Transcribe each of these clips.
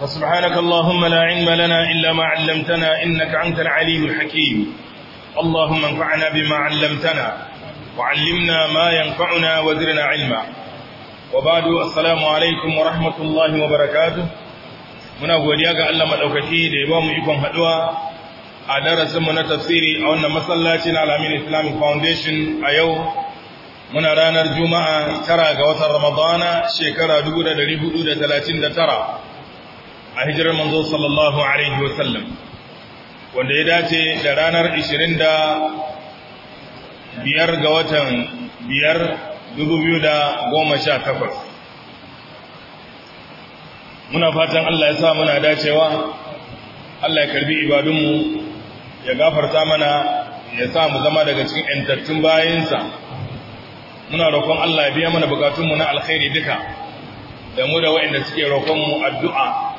فسبحانك اللهم لا علم لنا إلا ما علمتنا إنك أنت العليم الحكيم اللهم انفعنا بما علمتنا وعلمنا ما ينفعنا وزرنا علما وبعد السلام عليكم ورحمة الله وبركاته muna godiya ga Allah madaukaki da ya ba ikon haduwa a darasin mu na tafsiri a wannan masallaci na Alamin Islamic Foundation a yau muna ranar Juma'a tara ga watan Ramadana shekara a hijirar manzo sallallahu alaihi wasallam wanda ya dace da ranar 25 ga watan sha 2018 muna fatan Allah ya sa muna dacewa Allah ya karbi ibadunmu ya gafarta mana ya sa mu zama daga cikin intattun bayansa muna roƙon Allah ya biya mana bukatunmu na alkhairi duka da mu da waɗanda suke roƙonmu addu'a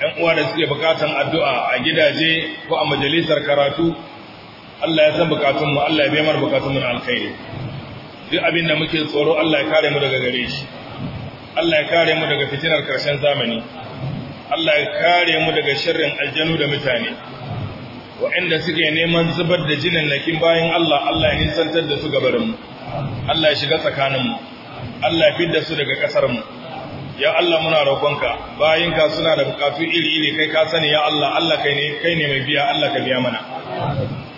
‘yan uwa da suke bukatan addu'a a gidaje ko a majalisar karatu, Allah ya san bukatunmu, Allah ya mana bukatunmu na alkhairi. Duk abin da muke tsoro Allah ya kare mu daga gare shi, Allah ya kare mu daga fitinar karshen zamani, Allah ya kare mu daga shirin aljanu da mutane. Wa'inda suke neman zubar da jinin nakin bayan Allah, Allah ya nisantar da su gabarinmu, Allah ya shiga tsakaninmu, Allah ya fidda su daga ƙasarmu. ya Allah muna roƙonka bayinka suna da bukatu iri-iri kai ka sani ya Allah Allah kai ne kai ne mai biya Allah ka biya mana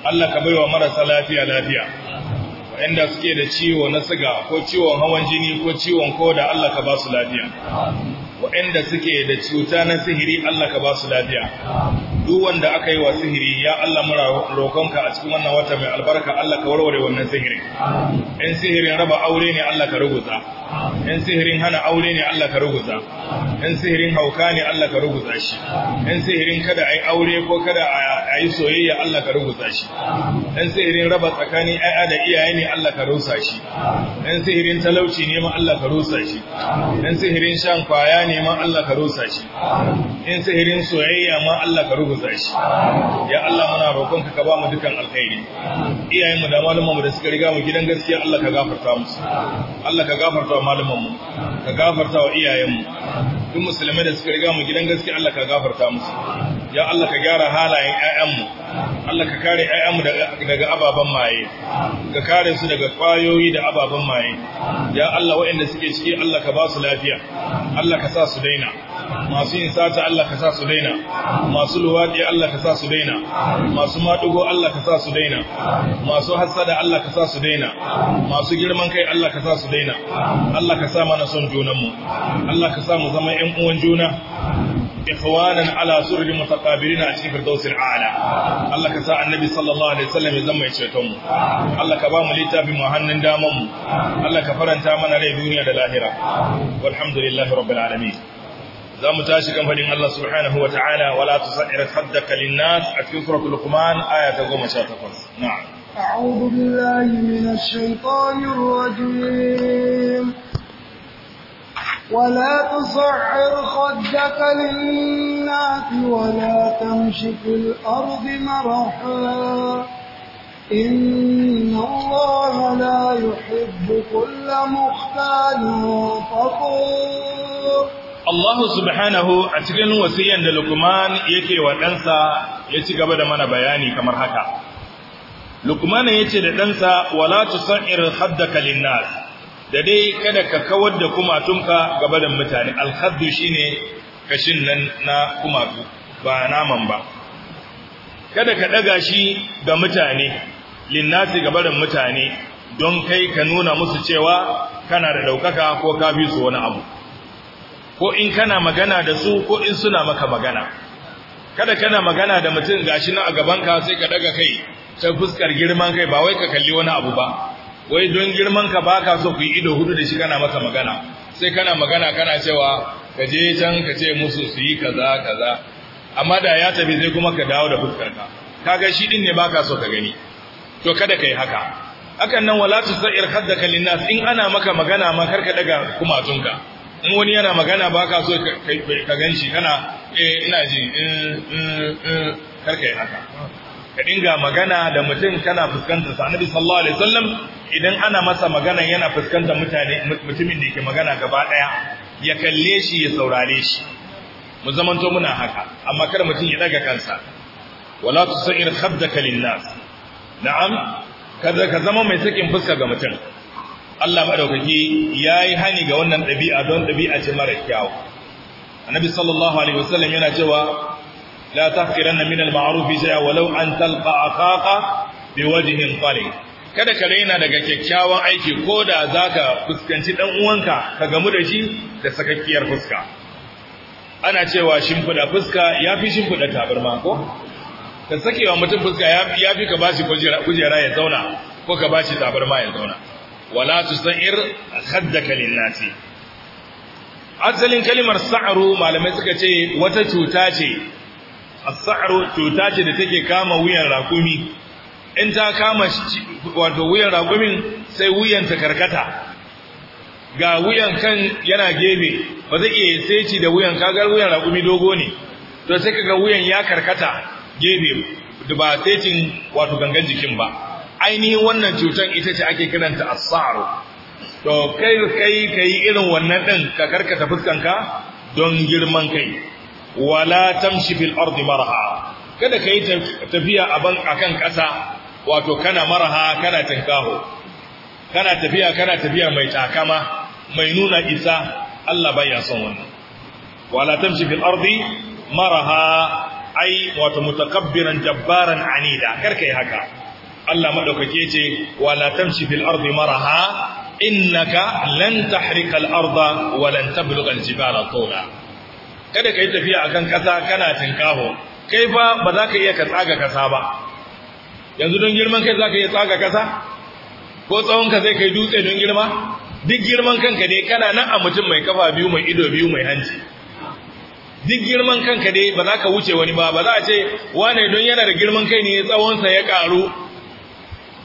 Allah ka baiwa marasa lafiya lafiya inda suke da ciwo na siga ko ciwon hawan jini ko ciwon koda Allah ka ba su lafiya waɗanda suke da cuta na sihiri Allah ka ba su lafiya duk wanda aka yi wa sihiri ya Allah muna roƙonka a cikin wannan wata mai albarka Allah ka warware wannan sihiri in sihirin raba aure ne Allah ka rubuta in sihirin hana aure ne Allah ka ruguza in sihirin hauka ne Allah ka ruguza shi in sihirin kada ai aure ko kada a yi soyayya Allah ka ruguza shi in sihirin raba tsakanin ƴaƴa da iyaye ne Allah ka rusa shi in sihirin talauci ne ma Allah ka rusa shi in sihirin shan kwaya ne ma Allah ka rusa shi in sihirin soyayya ma Allah ka ruguza shi ya Allah muna roƙon ka ba mu dukan alkhairi iyayenmu da malumanmu da suka riga mu gidan gaskiya Allah ka gafarta musu Allah ka gafarta malamanmu ka gafarta wa iyayenmu duk musulmai da suka riga mu gidan gaske Allah ka gafarta musu ya Allah ka gyara halayen mu, Allah ka kare mu daga ababan maye ka kare su daga kwayoyi da ababan maye ya Allah waɗanda suke ciki Allah ka ba su lafiya Allah ka sa su daina masu yin sata Allah ka sa su daina masu luwaɗi Allah ka sa su daina masu maɗugo Allah ka sa su daina masu hassada Allah ka sa su daina masu girman kai Allah ka sa su daina Allah ka sa mana son junanmu Allah ka sa mu zama 'yan uwan juna ikhwanan ala surri mutaqabilin a cikin firdausil ala Allah ka sa annabi sallallahu alaihi wasallam ya zama ceton mu Allah ka ba mu littafin mu hannun daman mu Allah ka faranta mana rai duniya da lahira walhamdulillahi rabbil alamin za mu tashi kan Allah subhanahu wa ta'ala wala tusairat haddaka linnas a cikin suratul luqman aya ta 18 na'am a'udhu billahi minash shaitanir rajim ولا تصعر خدك للناس ولا تمش في الأرض مرحا إن الله لا يحب كل مختال فخور Allah subhanahu a cikin wasiyan da Lukman yake wa ɗansa ya ci gaba da mana bayani kamar haka. Lukman ya ce da ɗansa, Wala tusa'ir haddaka linnas, da dai kada ka kawar da kumatunka gabanin mutane alhaddu shine kashin nan na kumatu ba naman ba kada ka daga shi ga mutane linnati da mutane don kai ka nuna musu cewa kana da daukaka ko ka fi su wani abu ko in kana magana da su ko in suna maka magana kada kana magana da mutum gashi na a gabanka sai ka daga kai ta fuskar girman kai ba wai ka kalli wani abu ba wai don girman ka ba ka so ku yi ido hudu da shi kana masa magana sai kana magana kana cewa ka je can ka ce musu su yi kaza kaza amma da ya tafi sai kuma ka dawo da fuskar ka kaga shi din ne ba ka so ka gani to kada ka yi haka hakan nan wala sa'ir haddaka linnas in ana maka magana ma karka daga kumatunka in wani yana magana ba ka so ka ganshi kana eh ina ji eh, eh, eh. ka yi haka ka dinga magana da mutum kana fuskantar sa annabi sallallahu alaihi wasallam idan ana masa magana yana fuskantar mutane mutumin da yake magana gaba daya ya kalle shi ya saurare shi mu zamanto muna haka amma kada mutum ya daga kansa wala tusair khabdaka linnas na'am kada ka zama mai sakin fuska ga mutum Allah madaukaki yayi hani ga wannan dabi'a don dabi'a ce mara kyau annabi sallallahu alaihi wasallam yana cewa لا تحقرن من المعروف زي ولو walau تلقى talqa بوجه طري kada ka raina daga kyakkyawan aiki ko da zaka fuskanci dan uwanka ka gamu da shi da sakakkiyar fuska ana cewa shimfiɗa fuska yafi shimfida tabarma ko ka sakewa mutum fuska yafi ka bashi kujera ya zauna ko ka bashi tabarma ya zauna wala tusair khaddaka lin-nasi asalin kalimar sa'aru malamai suka ce wata cuta ce as cuta ce da take kama wuyan rakumi in ta kama wato wuyan rakumin sai wuyan ta karkata ga wuyan kan yana gebe ba zai iya seci da wuyan kagar wuyan rakumi dogo ne to sai kaga wuyan ya karkata gebe da ba secin wato gangan jikin ba ainihin wannan cutar ita ce ake kiranta as to kai kai kai irin wannan din ka karkata fuskanka don girman kai wala tamshi fil ardi maraha, kada kai tafiya aban akan kasa wato kana maraha kana tankaho, kana tafiya kana tafiya mai takama mai nuna isa Allah baya son wannan wala tamshi fil ardi maraha ai wato mutakabbiran jabbaran anida kar kai haka Allah madaukake ce wala tamshi fil ardi marha innaka lan tahriqa al arda wa lan tablugha al jibala tawla kada ka yi tafiya akan ƙasa kana tinkaho kai fa ba za ka iya ka tsaga ƙasa ba yanzu don girman kai za ka iya tsaga ƙasa ko tsawonka sai kai dutse don girma duk girman kanka dai kana nan a mutum mai kafa biyu mai ido biyu mai hanci duk girman kanka dai ba za ka wuce wani ba ba za a ce wane don yana da girman kai ne tsawonsa ya karu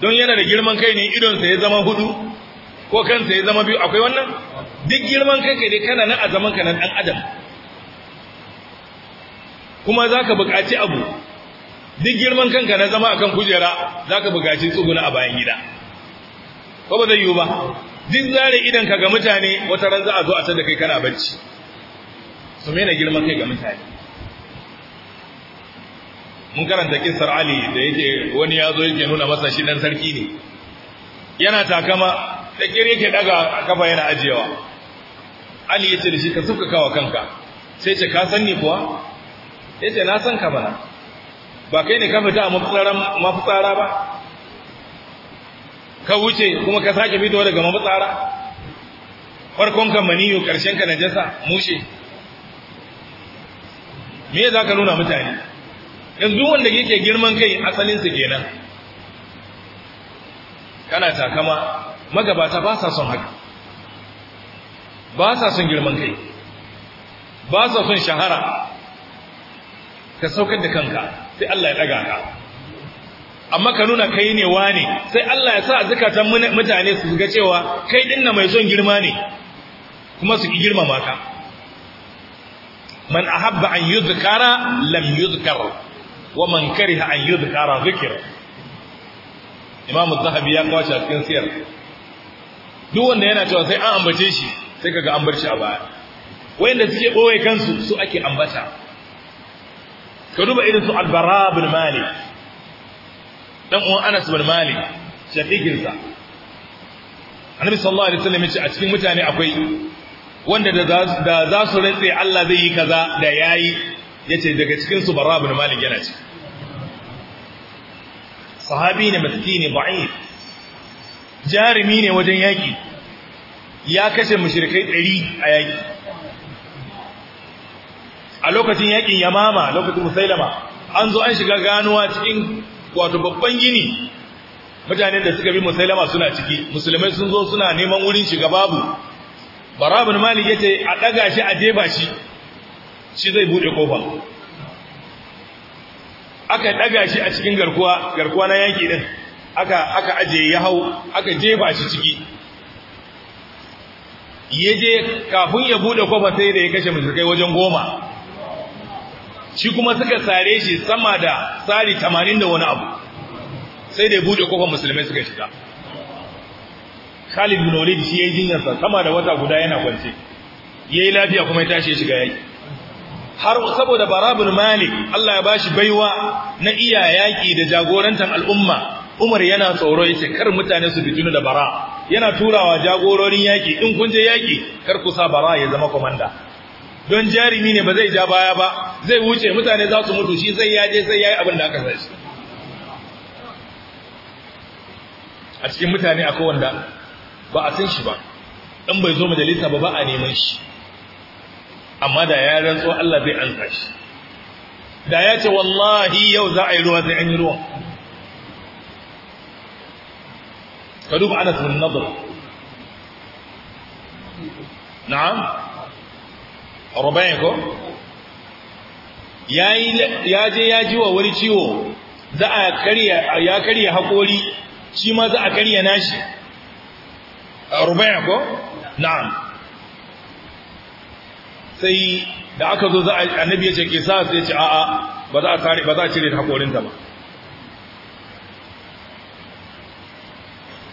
don yana da girman kai ne idonsa ya zama hudu ko kansa ya zama biyu akwai wannan duk girman kanka dai kana nan a zaman ka nan dan adam kuma za ka buƙaci abu duk girman kanka na zama a kan kujera za ka buƙaci tsuguna a bayan gida ko ba zai yiwu ba duk zare idan ka ga mutane wata ran za a zo a sanda kai kana bacci su mena girman kai ga mutane mun karanta kissar Ali da yake wani ya zo yake nuna masa shi dan sarki ne yana takama da kiri yake daga kafa yana ajiyewa Ali ya ce da shi ka kawa kanka sai ce ka san ni kuwa yace na san ka bana ba kai ne ka fita a mafitsaran mafitsara ba ka wuce kuma ka sake fito daga mafitsara farkon ka maniyo karshen ka najasa mushe me za ka nuna mutane yanzu wanda yake girman kai asalinsu kenan kana takama magabata ba sa son haka ba sa son girman kai ba sa son shahara ka saukar da kanka sai Allah ya daga ka amma ka nuna kai ne wane sai Allah ya sa zakatan mutane su ga cewa kai dinna mai son girma ne kuma su ki girmama ka man ahabba an yuzkara lam yuzkar wa man kariha an yuzkara zikr Imam Az-Zahabi ya kawace a cikin siyar duk wanda yana cewa sai an ambace shi sai kaga an barci a baya wayanda suke boye kansu su ake ambata ka duba irin su albara bin mali. dan uwan anas bin malik shaqiqin annabi sallallahu alaihi wasallam yace a cikin mutane akwai wanda da za su rantse Allah zai yi kaza da yayi yace daga cikin su bara bin mali yana ci sahabi ne miskini da'if Jarumi ne wajen yaki ya kashe mushrikai 100 a yaki a lokacin yakin yamama lokacin musailama an zo an shiga ganuwa cikin wato babban gini mutanen da suka bi musailama suna ciki musulmai sun zo suna neman wurin shiga babu bara bin malik yace a daga shi a jeba shi shi zai bude kofa aka daga shi a cikin garkuwa garkuwa na yaki din aka aka aje ya hau aka jeba shi ciki yaje kafin ya bude kofa sai da ya kashe mushrikai wajen goma shi kuma suka sare shi sama da tsari tamanin da wani abu sai da ya buɗe kofar musulmai suka shiga Khalid bin Walid shi yi jinyarsa sama da wata guda yana kwance ya yi lafiya kuma ya tashi ya shiga yaƙi. har saboda barabul malik Allah ya bashi baiwa na iya yaki da jagorantar al'umma Umar yana tsoro ce kar mutane su fitinu da bara yana turawa jagororin yaki in kun je yaƙi kar ku sa bara ya zama komanda don jarumi ne ba zai ja baya ba zai wuce mutane za su mutu shi sai ya je sai ya yi abin da aka sashi a cikin mutane akwai wanda ba a san shi ba dan bai zo majalisa ba ba a neman shi amma da ya rantso Allah zai an shi da ya ce wallahi yau za a yi ruwa sai an yi ruwa ka duba Anas bin Nadr na'am rubayin ko ya je ya ji wa wani ciwo za a karya ya karya haƙori shi ma za a karya nashi rubayin ko na'am sai da aka zo za a annabi ya ce ke sa sai ce a'a ba za a kare ba za a cire haƙorinta ba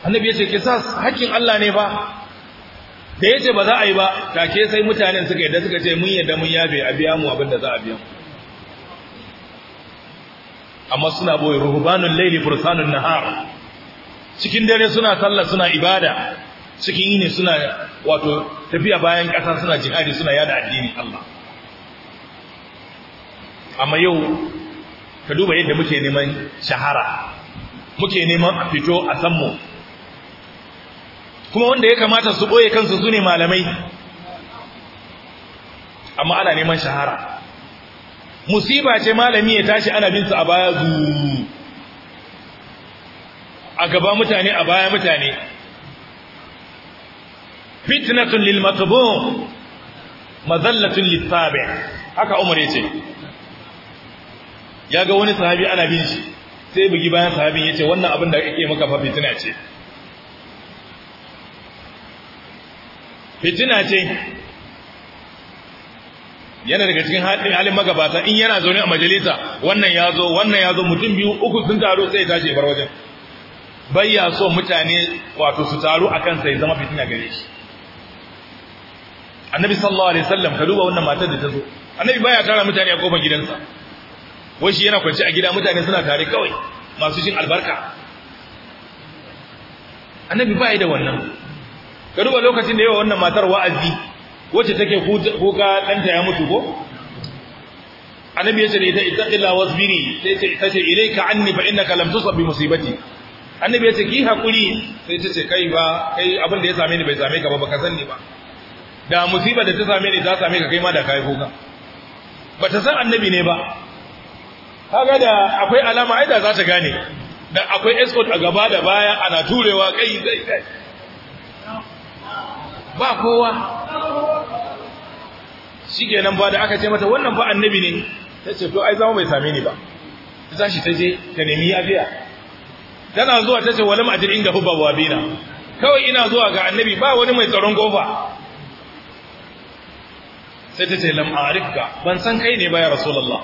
annabi ya ce ke sa hakkin Allah ne ba da yace ba za a yi ba take sai mutanen suka yadda suka ce mun yadda mun yabe a biya mu abin da za a biya amma suna boye ruhbanul layli fursanun nahar cikin dare suna sallah suna ibada cikin yini suna wato tafiya bayan kasa suna jihadi suna yada addini Allah amma yau ka duba yadda muke neman shahara muke neman a fito a san mu kuma wanda ya kamata su boye kansu su ne malamai amma ana neman shahara musiba ce malami ya tashi ana su a baya zu a gaba mutane a baya mutane fitnatun lil matbu mazallatun lit tabi haka umar yace yaga wani sahabi ana bin shi sai bugi bayan sahabin yace wannan abin da kake maka fa fitina ce fitina ce yana daga cikin halin magabata in yana zaune a majalisa wannan ya zo wannan ya zo mutum biyu uku sun taru sai tashi bar wajen bayya so mutane wato su taru a kansa ya zama fitina gare shi annabi sallallahu alaihi wasallam ka duba wannan matar da ta zo annabi baya tara mutane a kofar gidansa wai shi yana kwance a gida mutane suna tare kawai masu shin albarka annabi baya da wannan ka duba lokacin da yawa wannan matar wa'azi wacce take kuka ɗanta ya mutu ko annabi ce da ita ittaqilla wasbiri sai ce ita ce ka an fa innaka na kalamtu sabbi musibati annabi ce ki haƙuri sai ta ce kai ba kai abinda ya same ni bai same ka ba baka san ni ba da musiba da ta same ni ta same ka kai ma da kai kuka Ba ta san annabi ne ba kaga da akwai alama ai da za ta gane da akwai escort a gaba da baya ana turewa kai zai ba kowa shikenan ba da aka ce mata wannan ba annabi ne Ta ce to ai zama bai same ni ba ta tashi ta je ta nemi yafiya tana zuwa ta ce walam ajir inda hubba bina kawai ina zuwa ga annabi ba wani mai tsaron kofa sai ta ce lam arifka ban san kai ne ba ya rasulullah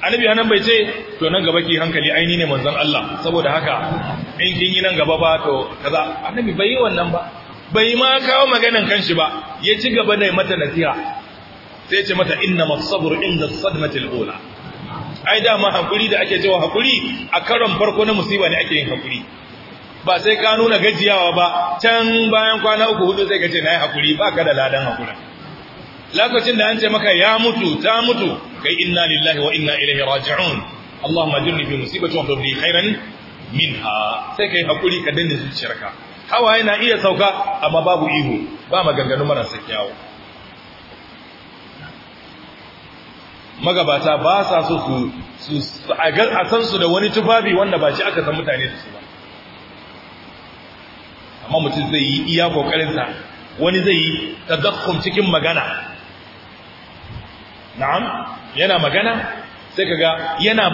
annabi anan bai ce to nan gaba ki hankali aini ne manzon Allah saboda haka in kin yi nan gaba ba to kaza annabi bai yi wannan ba bai ma kawo maganan kanshi ba ya ci gaba da mata nasiha sai ce mata inna masabur inda sadmatil ula ai dama hakuri da ake cewa hakuri a karon farko na musiba ne ake yin hakuri ba sai ka nuna gajiyawa ba can bayan kwana uku hudu sai ka ce nayi hakuri ba ka da ladan hakuri lokacin da an ce maka ya mutu ta mutu kai inna lillahi wa inna ilaihi raji'un Allahumma jirni fi musibati wa khairan minha sai kai hakuri ka danne zuciyarka hawaye na iya sauka amma babu ihu ba maganganu marasa kyawu magabata ba sa so su a san su da wani tufafi wanda ba shi aka san mutane da su ba amma mutum zai yi iya kokarinsa wani zai yi tadakhum cikin magana na'am yana magana sai kaga yana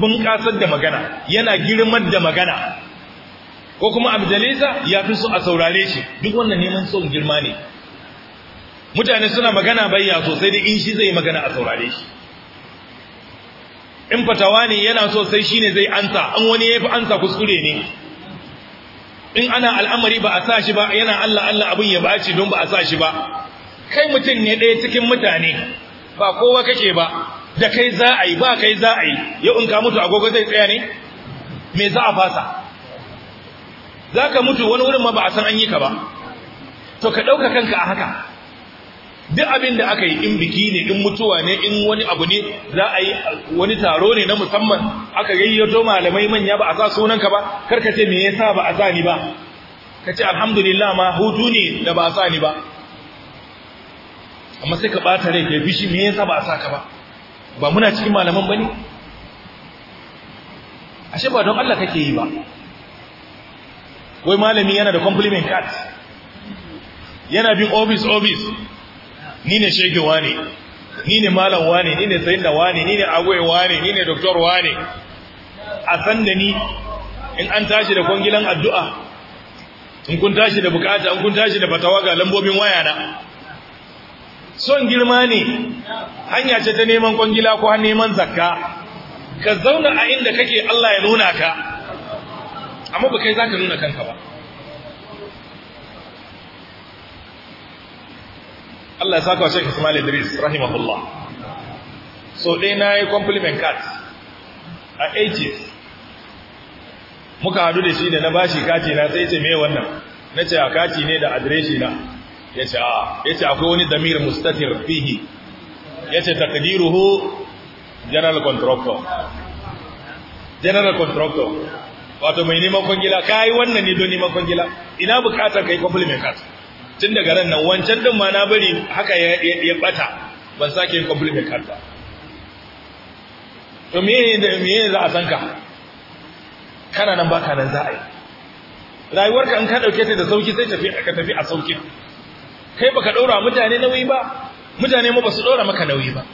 bunƙasar da magana yana girman da magana ko kuma abdalesa ya fi so a saurare shi duk wannan neman son girma ne mutane suna magana bayya sosai da in shi zai magana a saurare shi in fatawa ne yana so sai shi ne zai ansa an wani ya fi ansa kuskure ne in ana al'amari ba a sa shi ba yana Allah Allah abin ya baci don ba a sa shi ba kai mutum ne ɗaya cikin mutane ba kowa kake ba da kai za a yi ba kai za a yi yau in ka mutu agogo zai tsaya ne me za a fasa za ka mutu wani wurin ma ba a san an yi ka ba to ka ɗauka kanka a haka duk abin da aka yi in biki ne in mutuwa ne in wani abu ne za a yi wani taro ne na musamman aka gayyato malamai manya ba a sa sunanka ba kar ka ce me yasa ba a sa ni ba ka ce alhamdulillah ma hutu ne da ba a sa ni ba amma sai ka bata rai kai bishi me yasa ba a sa ka ba ba muna cikin malaman bane ashe ba don Allah kake yi ba wai malami yana da compliment card yana bin office office ni ne shegewa ne ni ne malam ne? ni ne sayin da ni ne agwai ne? ni ne doktor ne? a san da ni in an tashi da kwangilan addu'a in kun tashi da bukata in kun tashi da fatawa ga lambobin waya na son girma ne hanya ce ta neman kwangila ko neman zakka ka zauna a inda kake Allah ya nuna ka amma ba kai za ka nuna kanka ba Allah ya saka wa Sheikh Ismail Idris rahimahullah so dai na yi compliment card a 80 muka hadu da shi da na bashi kati na sai ce me wannan na ce a kati ne da adireshi na ya ce a ya ce akwai wani damir mustatir fihi ya ce takdiruhu general contractor general contractor wato mai neman kwangila ka yi wannan ne don neman kwangila ina bukatar ka yi mai kata tun daga ran nan wancan din ma na bari haka ya ya bata ban sake yin compliment mai kata. to me ne me ne za a san ka kana nan baka nan za a yi rayuwarka in ka dauke ta da sauki sai tafi ka tafi a sauki kai baka daura mutane nauyi ba mutane ma basu daura maka nauyi ba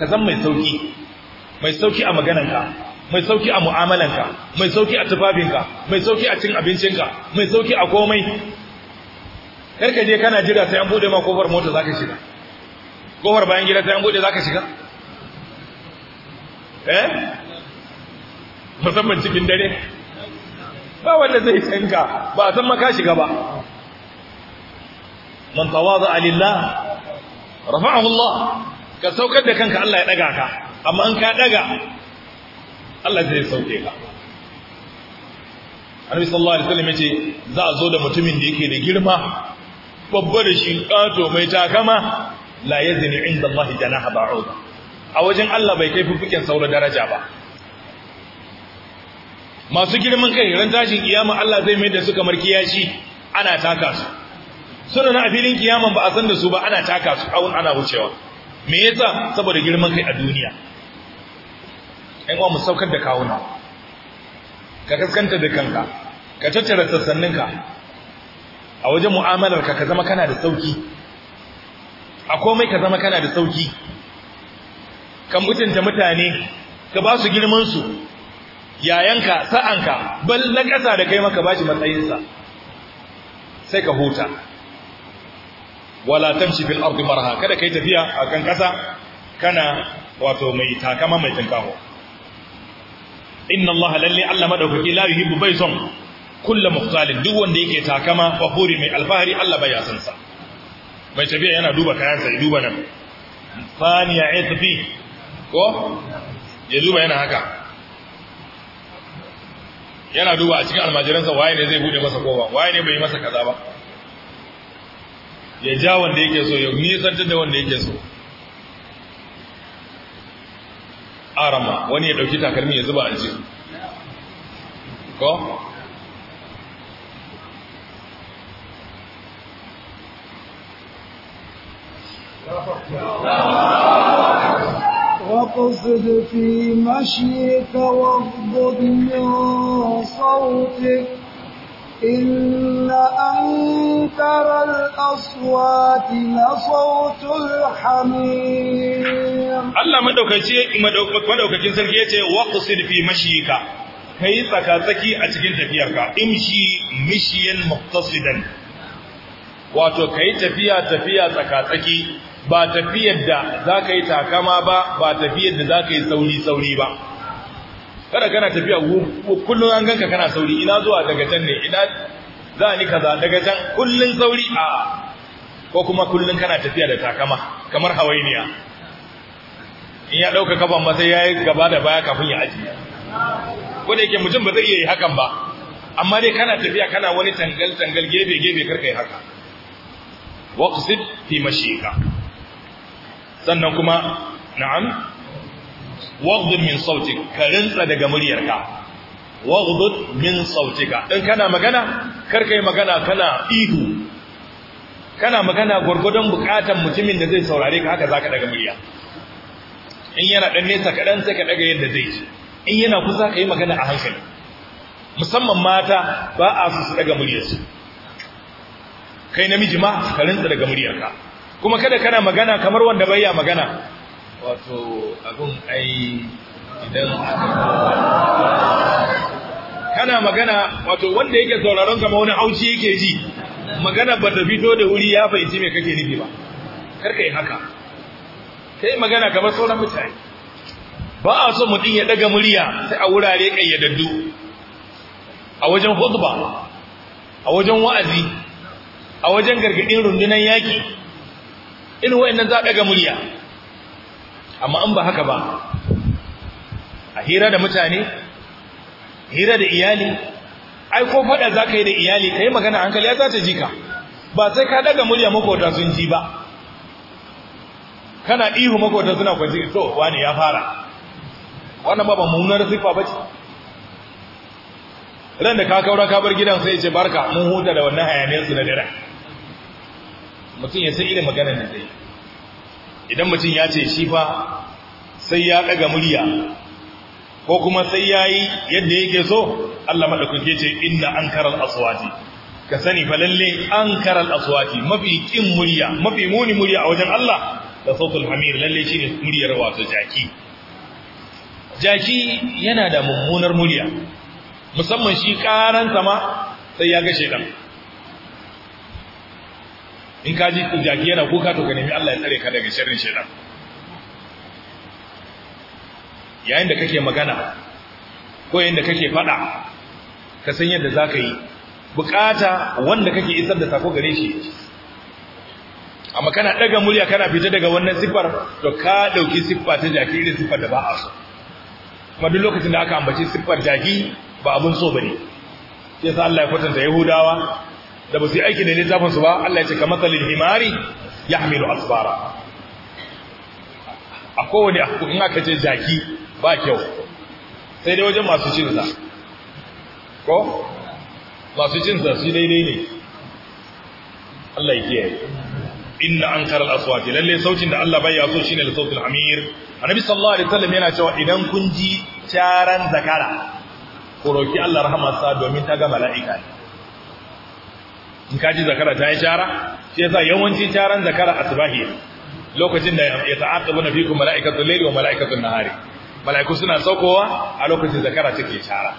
ka zan mai sauki mai sauki a ka mai sauki a mu'amalanka mai sauki a tufafinka mai sauki a cin abincinka mai sauki a komai karka je kana jira sai an bude ma kofar mota zaka shiga kofar bayan gida sai an bude zaka shiga eh musamman cikin dare ba wanda zai tsanka ba san ma ka shiga ba man tawaza lillah rafa'ahu Allah ka saukar da kanka Allah ya daga ka amma an ka daga Allah zai sauke ka Annabi sallallahu alaihi wasallam yace za a zo da mutumin da yake da girma babba da shi kato mai takama la yazni inda Allah janaha ba'uda a wajen Allah bai kai fufukin saura daraja ba masu girman kai ran tashin kiyama Allah zai mai da su kamar kiyashi ana taka su suna na filin kiyaman ba a san da su ba ana taka su awun ana wucewa me yasa saboda girman kai a duniya Yan uwa mu saukar da kawuna ka kaskanta da kanka ka tattara sassaninka a wajen mu'amalar ka zama kana da sauki a komai ka zama kana da sauki ka mutunta mutane ka ba su girmansu yayanka sa'anka bal na ƙasa da kai maka bashi matsayinsa sai ka huta wala tamshi fil ardi marha kada ka yi tafiya akan ƙasa kana wato mai takama mai tinkawo inna allaha lalle allah madaukaki la yuhibbu bai son kullu mukhtalin duk wanda yake takama fahuri mai alfahari allah bai yasan sa mai tafiya yana duba kayan sa duba nan fani ya itfi ko ya duba yana haka yana duba a cikin almajiransa waye ne zai bude masa kowa waye ne bai masa kaza ba ya ja wanda yake so ya nisantar da wanda yake so arama wani ya ɗauki takalmin ya zuba a ji ko وقصد في مشيك واغضب من صوتك إن أنكر الأصوات لصوت الحميد Allah madaukaci madaukakin sarki yace waqsid fi mashika kai tsakatsaki a cikin tafiyarka imshi mishiyan muqtasidan wato kai tafiya tafiya tsakatsaki ba tafiyar da zaka yi takama ba ba tafiyar da zaka yi sauri sauri ba kada kana tafiya kullun an ganka kana sauri ina zuwa daga can ne ina za ni kaza daga can kullun sauri a ko kuma kullun kana tafiya da takama kamar hawainiya in ya dauka kafan ba sai ya yi gaba da baya kafin ya ajiye. ko da yake mutum ba zai iya yi hakan ba amma dai kana tafiya kana wani tangal tangal gefe gefe karka yi haka waqsid fi mashika sannan kuma na'am waghdud min sautik ka rinsa daga muryarka waghdud min sautika in kana magana karka yi magana kana ihu kana magana gurgudan bukatan mutumin da zai saurare ka haka zaka daga murya in yana dan nesa kaɗan sai ka ɗaga yadda zai ji in yana kusa ka yi magana a hankali musamman mata ba a su su ɗaga muryarsu kai namiji ma ka rinsa daga muryarka kuma kada kana magana kamar wanda bayya magana wato abin ai idan kana magana wato wanda yake sauraron kama wani auci yake ji magana ba ta fito da wuri ya fahimci me kake nufi ba kar ka yi haka kai magana kamar sauran mutane ba a so mutum ya daga murya sai a wurare kayyadaddu a wajen hudba a wajen wa'azi a wajen gargadin rundunar yaki in nan za a daga murya amma an ba haka ba a hira da mutane hira da iyali ai ko fada ka yi da iyali kai magana hankali ya za ta ji ka, ba sai ka daga murya makota sun ji ba kana ihu makota suna kwanci so wani ya fara wannan ba mummunar sifa ce. ran da ka kaura ka bar gidan sai ya ce barka mun huta da wannan hayaniyar su na dare mutum ya san irin maganar da zai idan mutum ya ce shi fa sai ya daga murya ko kuma sai ya yi yadda yake so Allah madaukake ce inna ankaral aswati ka sani fa lalle ankaral aswati mafi kin murya mafi muni murya a wajen Allah da sautul hamir lalle shi ne muryar wato jaki jaki yana da mummunar murya musamman shi karan sama sai ya ga shedan in ka ji jaki yana kuka to ka nemi Allah ya tsare ka daga sharrin shedan yayin da kake magana ko yayin da kake fada ka san yadda zaka yi bukata wanda kake isar da sako gare shi amma kana daga murya kana fita daga wannan siffar to ka dauki siffar ta jaki irin siffar da ba a so kuma duk lokacin da aka ambaci siffar jaki ba abun so bane sai sa Allah ya kwatanta Yahudawa da ba su yi aiki da littafin su ba Allah ya ce kamar salil himari hamilu asbara a kowane in aka ce jaki ba kyau sai dai wajen masu cin sa ko masu cin sa shi daidai ne Allah ya kiyaye inna ankara al-aswati lalle sautin da Allah bai yaso shine da sautin amir annabi sallallahu alaihi wasallam yana cewa idan kun ji caran zakara ku roki Allah rahmatsa domin ta ga mala'ika in ka ji zakara ta yi cara shi yasa yawanci caran zakara asbahi lokacin da ya ta'aqabu na fikum mala'ikatul layli wa mala'ikatul nahari mala'iku suna saukowa a lokacin zakara take cara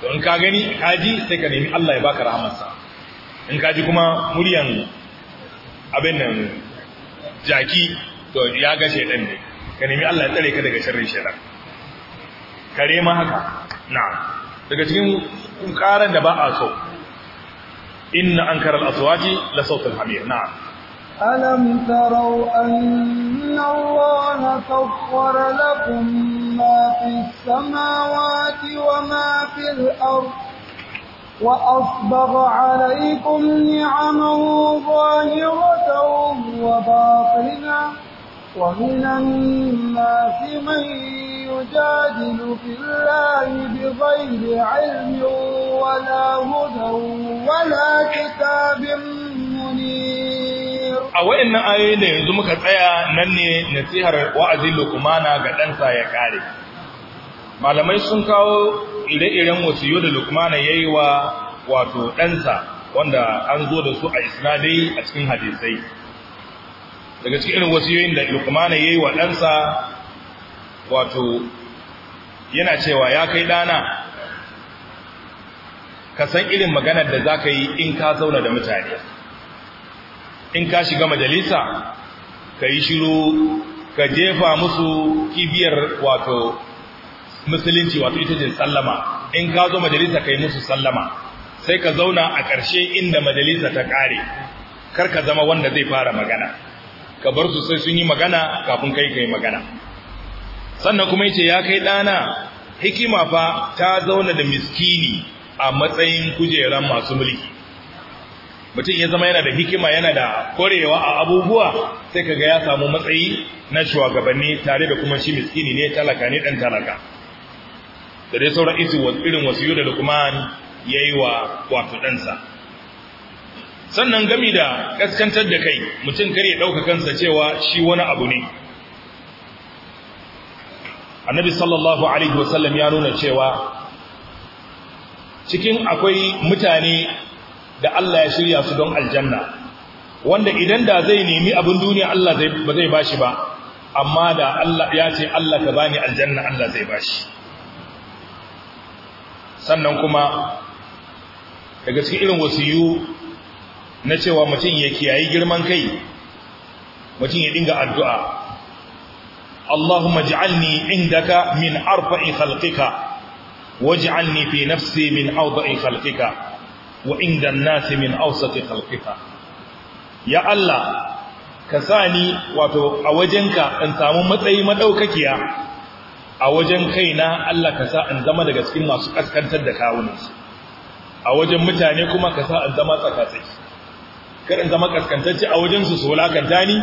to in ka gani ka ji sai ka nemi Allah ya baka rahamarsa. in ka ji kuma muryan abin nan jaki to ya ga shaidan ne ka nemi Allah ya tsare ka daga sharrin shaidan kare ma haka na'am daga cikin ƙaran da ba a so inna ankara al-aswati la sawt al-hamir na'am anna تروا أن lakum ma fi samawati wa ma fi al-ardh وأصبغ عليكم نعما ظاهرة وباطنا ومن الناس من يجادل في الله بغير علم ولا هدى ولا كتاب A waɗannan ayoyin da yanzu muka tsaya nan ne nasihar wa'azin lokumana ga ɗansa ya ƙare. malamai sun kawo ire-iren wasiyo da lukmana ya yi wa wato ɗansa wanda an zo da su a isnadai a cikin hadisai daga cikin irin wasiyoyin da lukmana ya yi wa ɗansa wato yana cewa ya kai ɗana ka san irin maganar da za ka yi in ka zauna da mutane in ka shiga majalisa ka yi shiru ka jefa musu kibiyar wato musulunci wato ita ce sallama in ka zo majalisa kai musu sallama sai ka zauna a ƙarshe inda majalisa ta ƙare kar ka zama wanda zai fara magana ka bar su sai sun yi magana kafin kai kai magana sannan kuma yace ya kai ɗana hikima fa ta zauna da miskini a matsayin kujeran masu mulki mutum ya zama yana da hikima yana da korewa a abubuwa sai kaga ya samu matsayi na shugabanni tare da kuma shi miskini ne talaka ne ɗan talaka da dai sauran irin wasiyu da lukman ya yi wa wato ɗansa sannan gami da ƙaskantar da kai mutum kare ɗauka kansa cewa shi wani abu ne annabi sallallahu alaihi wasallam ya nuna cewa cikin akwai mutane da Allah ya shirya su don aljanna wanda idan da zai nemi abin duniya Allah ba zai bashi ba amma da Allah ya ce Allah ka bani aljanna Allah zai bashi sannan kuma daga cikin irin wasiyu na cewa mutum ya kiyayi girman kai mutum ya dinga addu'a Allahumma ij'alni indaka min arfa'i khalqika waj'alni fi nafsi min awda'i khalqika wa inda nasi min awsati khalqika ya Allah ka sani wato a wajenka in samu matsayi maɗaukakiya a wajen kaina Allah ka sa in zama daga cikin masu kaskantar da kawunansu a wajen mutane kuma ka sa in zama tsakatsaki kar in zama kaskantacce a wajen su su wulakanta ni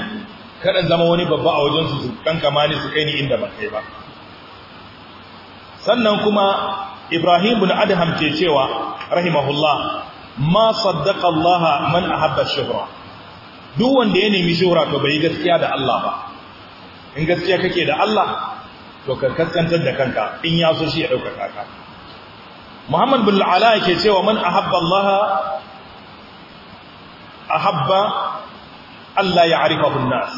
kar zama wani babba a wajen su su kamani ni su kai ni inda ba kai ba sannan kuma Ibrahim bin Adham ke cewa rahimahullah ma saddaqa Allah man ahabba shuhra duk wanda ya nemi shuhra to bai gaskiya da Allah ba in gaskiya kake da Allah to ka kaskantar da kanka in ya so shi ya dauka kaka Muhammad bin Ala yake cewa man ahabba Allah ahabba Allah ya arifahu nas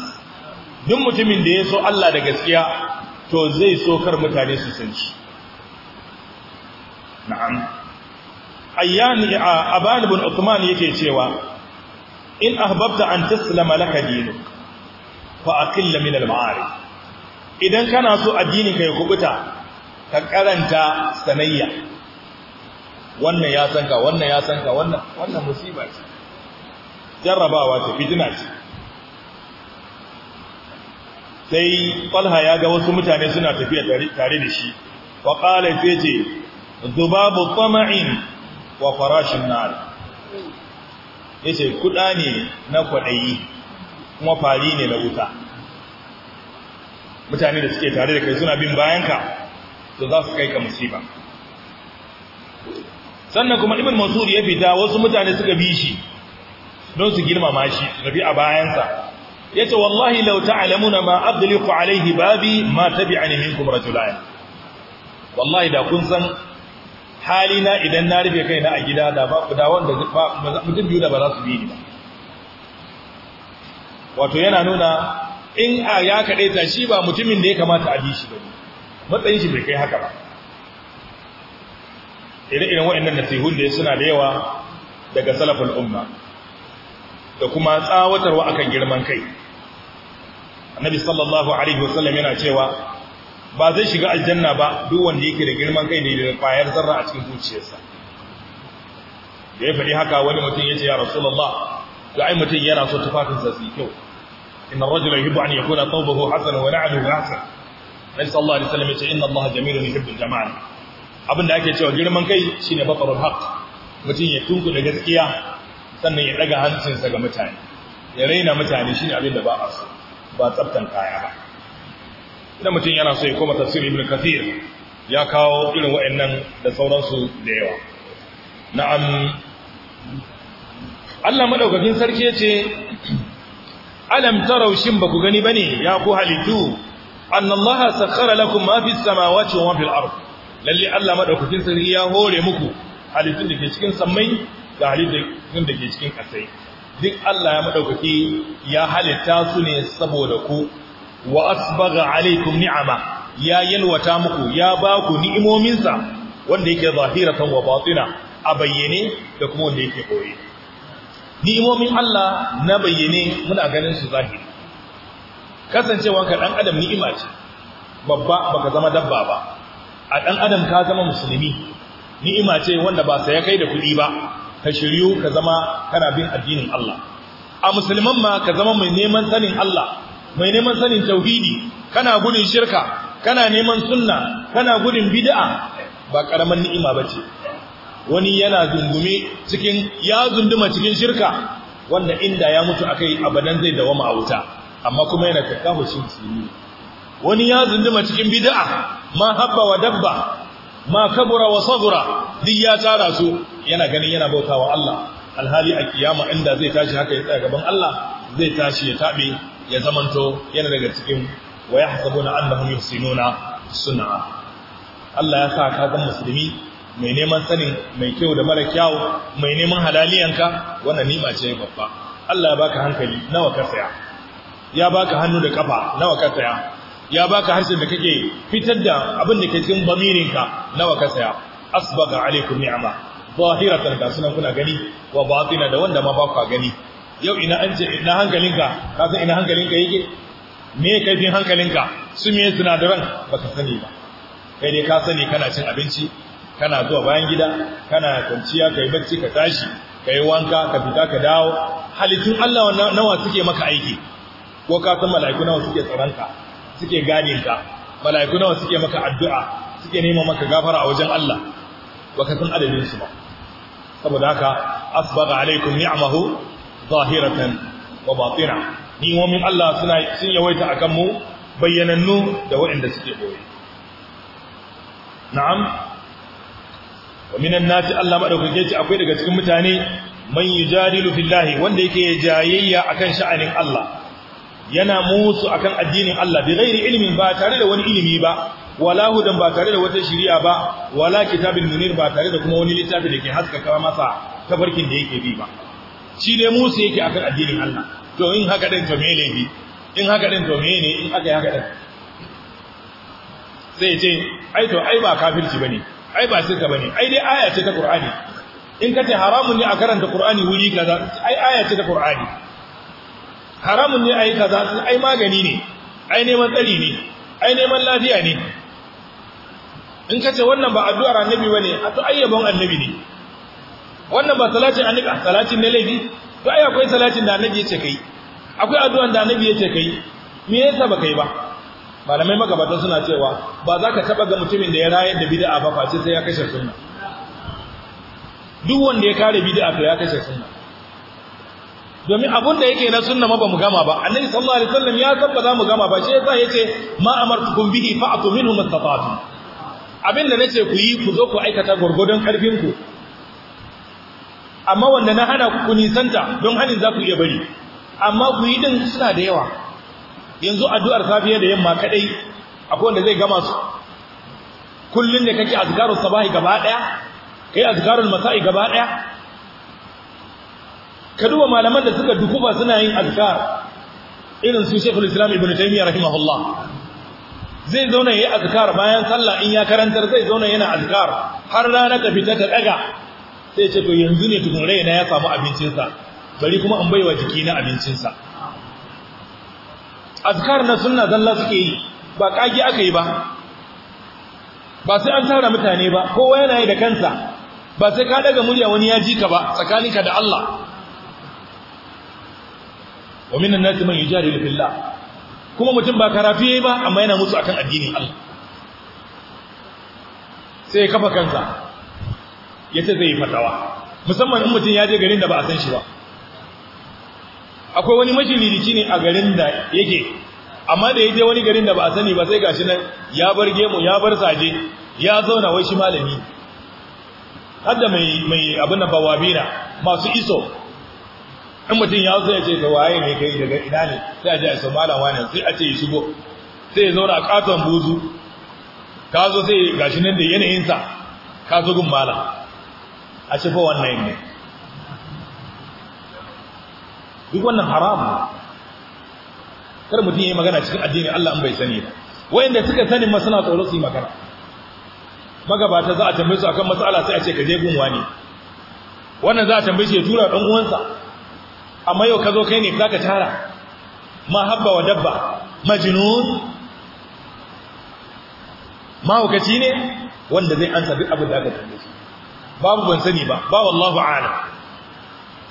duk mutumin da ya so Allah da gaskiya to zai so kar mutane su san shi na'am ayyan aban bin Uthman yake cewa in ahbabta an taslama laka dinuk fa aqilla min al-ma'arif idan kana so addini ka yi kubuta ka karanta sanayya wannan ya sanka wannan ya sanka wannan wannan musiba ce jarrabawa ce fitina ce sai falha ya ga wasu mutane suna tafiya tare da shi wa qala sai ce zubabu tama'in wa farashin nar yace kuɗa ne na kwaɗayi kuma fari ne na wuta mutane da suke tare da kai suna bin bayanka to za su kai ka musiba sannan kuma ibn masud ya fita wasu mutane suka bi shi don su girmama shi bi a bayansa yace wallahi law ta'lamuna ma adliqu alayhi babi ma tabi'ani minkum rajulan wallahi da kun san halina idan na rufe kaina a gida da ba da wanda mutum biyu da ba za su bi ni ba wato yana nuna in a ya kaɗai ta shi ba mutumin da ya kamata a bi shi ba matsayin shi bai kai haka ba ire-iren waɗannan nasihun da suna da yawa daga salafin umma da kuma tsawatarwa akan girman kai annabi sallallahu alaihi wasallam yana cewa ba zai shiga aljanna ba duk wanda yake da girman kai ne da kwayar zarra a cikin zuciyarsa da ya faɗi haka wani mutum ya ce ya rasu lallah, ga ai mutum yana so tufafinsa su yi kyau إن الرجل يحب أن يكون ثوبه حسن ونعله أحسن Nabi sallallahu alaihi wasallam yace inna abinda ake cewa girman kai shine batarul haqq mutum ya tunku da gaskiya sannan ya daga hancinsa ga mutane ya raina mutane shine abinda ba a so ba tsaftan kaya ba idan mutum yana so ya koma tafsir ibn kathir ya kawo irin wayannan da sauransu da yawa na'am Allah madaukakin sarki ce. alam tarau shin baku gani bane ya ku halittu annallaha sakhkhara lakum ma fis samawati wa fil ard lalle Allah madaukakin sarki ya hore muku halittun da ke cikin samai da halittun da ke cikin kasai duk Allah ya madaukaki ya halitta su ne saboda ku wa asbagha alaikum ni'ama ya yalwata muku ya ba ku ni'imominsa wanda yake zahiratan wa batina a bayyane da kuma wanda yake koyi ni'imomin Allah na bayyane muna ganin su zahiri kasancewanka dan adam ni'ima ce babba baka zama dabba ba a dan adam ka zama musulmi ni'ima ce wanda ba sai kai da kuɗi ba ka shiryu ka zama kana bin addinin Allah a musulman ma ka zama mai neman sanin Allah mai neman sanin tauhidi kana gudun shirka kana neman sunna kana gudun bid'a ba karaman ni'ima bace wani yana zungume cikin ya zunduma cikin shirka wanda inda ya mutu akai abadan zai dawama a wuta amma kuma yana kakkafa shi wani ya zunduma cikin bid'a ma habba wa dabba ma kabura wa saghura duk ya tara su yana ganin yana bautawa Allah alhali a kiyama inda zai tashi haka ya tsaya gaban Allah zai tashi ya tabe ya zamanto yana daga cikin wa yahsabuna annahum yusinuna sun'a Allah ya sa ka ga musulmi mai neman sanin mai kyau da mara kyau mai neman halaliyanka wannan nima ce babba Allah ya baka hankali nawa ka saya ya baka hannu da kafa nawa ka saya ya baka harshen da kake fitar da abin da ke cikin bamirinka nawa ka saya asbaga alaikum ni'ama zahiratan ga sunan kuna gani wa batina da wanda ma ba ku gani yau ina an ce ina hankalinka ka san ina hankalinka yake me kaifin hankalinka su me sinadaran baka sani ba kai dai ka sani kana cin abinci kana zuwa bayan gida kana kwanciya kai bacci ka tashi kai wanka ka fita ka dawo halittun Allah nawa suke maka aiki ko ka san mala'iku nawa suke tsaranka suke gadin ka mala'iku nawa suke maka addu'a suke nema maka gafara a wajen Allah baka san adadin su ba saboda haka asbaga alaikum ni'amahu zahiratan wa batina ni'omin Allah suna sun yawaita akan mu bayyanannu da waɗanda suke boye na'am wa minan nasi Allah madaukake ce akwai daga cikin mutane man yujadilu fillahi wanda yake jayayya akan sha'anin Allah yana musu akan addinin Allah bi ghairi ilmin ba tare da wani ilimi ba wala hudan ba tare da wata shari'a ba wala kitabin munir ba tare da kuma wani littafi da ke haskaka masa tabarkin da yake bi ba shi dai musu yake akan addinin Allah to in haka din to mene bi in haka din to mene in aka yi haka din sai ce ai to ai ba kafirci bane ai ba shirka bane ai dai aya ce ta Qur'ani in kace haramun ne a karanta Qur'ani wuri kaza ai aya ce ta Qur'ani haramun ne ai kaza ai magani ne ai neman tsari ne ai neman lafiya ne in kace wannan ba addu'ar annabi bane a to ayyaban annabi ne wannan ba salatin annabi salatin ne laifi to ai akwai salatin da annabi yace kai akwai addu'an da annabi yace kai me yasa ba kai ba malamai magabata suna cewa ba za ka taba ga mutumin da ya rayar da bid'a ba face sai ya kashe sunna duk wanda ya kare bid'a to ya kashe sunna domin abun da yake na sunna ma ba mu gama ba annabi sallallahu alaihi wasallam ya san za mu gama ba shi yasa yace ma amartukum bihi fa'tu minhu mastata'tum abin da nace ku yi ku zo ku aikata gurgudun karfin ku amma wanda na hana ku nisanta don hanin za ku iya bari amma ku yi din suna da yawa yanzu addu'ar safiya da yamma kadai akwai wanda zai gama su kullun da kake azkarus sabahi gaba daya kai azkarul masa'i gaba daya ka duba malaman da suka dukuba suna yin azkar irin su Sheikhul Islam Ibn Taymiyyah rahimahullah zai zauna yayi azkar bayan sallah in ya karantar zai zauna yana azkar har rana ta fita ta daga sai ce to yanzu ne tukun raina ya samu abincinsa bari kuma an wa jiki na abincinsa azkar na sunna zalla suke yi ba kage aka yi ba ba sai an tara mutane ba kowa yana yi da kansa ba sai ka daga murya wani ya ji ka ba tsakaninka da Allah wa minan nas man yujadilu billah kuma mutum ba karafi yayi ba amma yana mutu akan addinin Allah sai ya kafa kansa ce zai yi fatawa musamman in mutum ya je garin da ba a san shi ba akwai wani majilirici ne a garin da yake amma da yaje wani garin da ba a sani ba sai gashi nan ya bar gemu ya bar saje ya zauna wai shi malami hadda mai mai abin da bawabina masu iso in mutum ya zo ya ce ka waye ne kai daga ina ne sai a ji a malam wani sai a ce ya shigo sai ya zauna a katon buzu ka zo sai gashi nan da yanayinsa ka zo gun malam a ce fa wannan ne duk wannan haram kar mutum yi magana cikin addini Allah an bai sani ba wayanda suka sani ma suna tsoro su yi magana magabata za a tambaye su akan matsala sai a ce ka je gun wani wannan za a tambaye shi ya tura dan uwansa amma yau ka zo kai ne ka tara ma habba wa dabba majnun mahaukaci ne wanda zai ansa duk abin da aka tambaye shi babu ban sani ba ba wallahu a'lam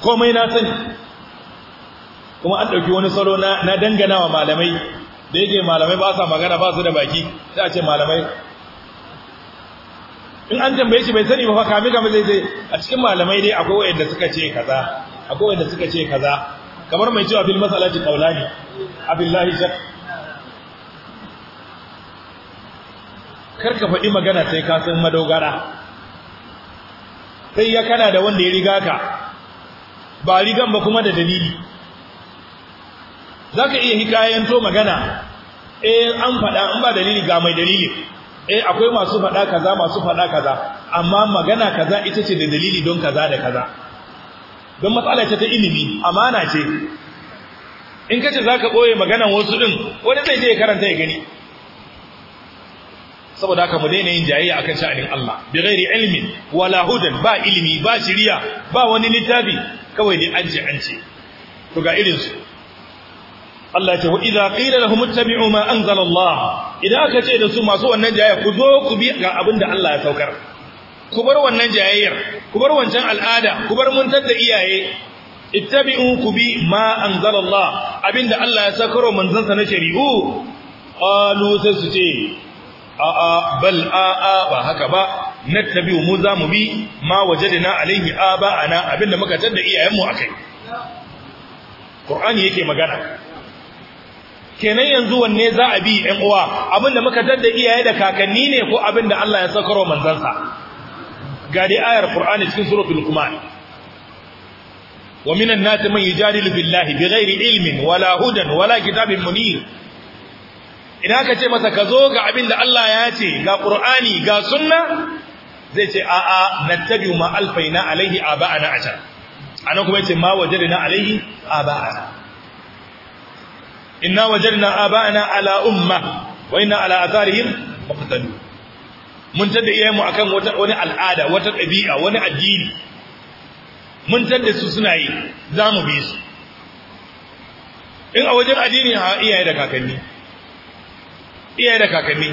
komai na sani kuma an ɗauki wani salo na dangana wa malamai da yake malamai ba sa magana ba su da baki sai a ce malamai in an tambaye shi bai sani ba fa kame kame zai zai a cikin malamai dai akwai wanda suka ce kaza akwai wanda suka ce kaza kamar mai cewa fil masalati qawlani abillahi shak karka faɗi magana sai ka san madogara sai ya kana da wanda ya riga ka ba rigan ba kuma da dalili za ka iya to magana eh an faɗa an ba dalili ga mai dalili eh akwai masu faɗa kaza masu faɗa kaza amma magana kaza ita ce da dalili don kaza da kaza don matsala ta ta ilimi amana ce in kace zaka boye maganan wasu ɗin, wani zai je karanta ya gani saboda haka mu daina yin jayayya akan sha'anin Allah bi ghairi ilmin wala hudan ba ilimi ba shiriya ba wani littafi kawai ne an ce an ce to ga irin su Allah ce wa idza qila lahum ittabi'u ma anzala Allah idan aka ce da su masu wannan jayayya ku zo ku bi ga abinda Allah ya saukar ku bar wannan jayayyar ku bar wancan al'ada ku bar mun tadda iyaye ittabi'u ku bi ma anzala Allah abinda Allah ya saukar manzon sa na shari'u qalu sai su ce a a bal a a ba haka ba nattabi'u mu za mu bi ma wajadna alaihi aba na abinda muka tada iyayen mu akai Qur'ani yake magana kenan yanzu wanne za a bi ƴan uwa abinda muka dadda iyaye da kakanni ne ko abinda Allah ya saukar wa manzansa ga dai ayar Qur'ani cikin suratul Luqman wa minan nati man yujadilu billahi bighairi ilmin wala hudan wala kitabin munir idan ka ce masa ka zo ga abinda Allah ya ce ga Qur'ani ga sunna zai ce a a nattabi ma alfaina alaihi aba'ana ajar anan kuma yace ma wajadna alaihi aba'ana inna wajadna abana ala umma wa inna ala atharihim muqtadu mun tada iyayenmu akan wata wani al'ada wata ɗabi'a wani addini mun tadda su suna yi za mu bi su in a wajen addini ha iyaye da kakanni iyaye da kakanni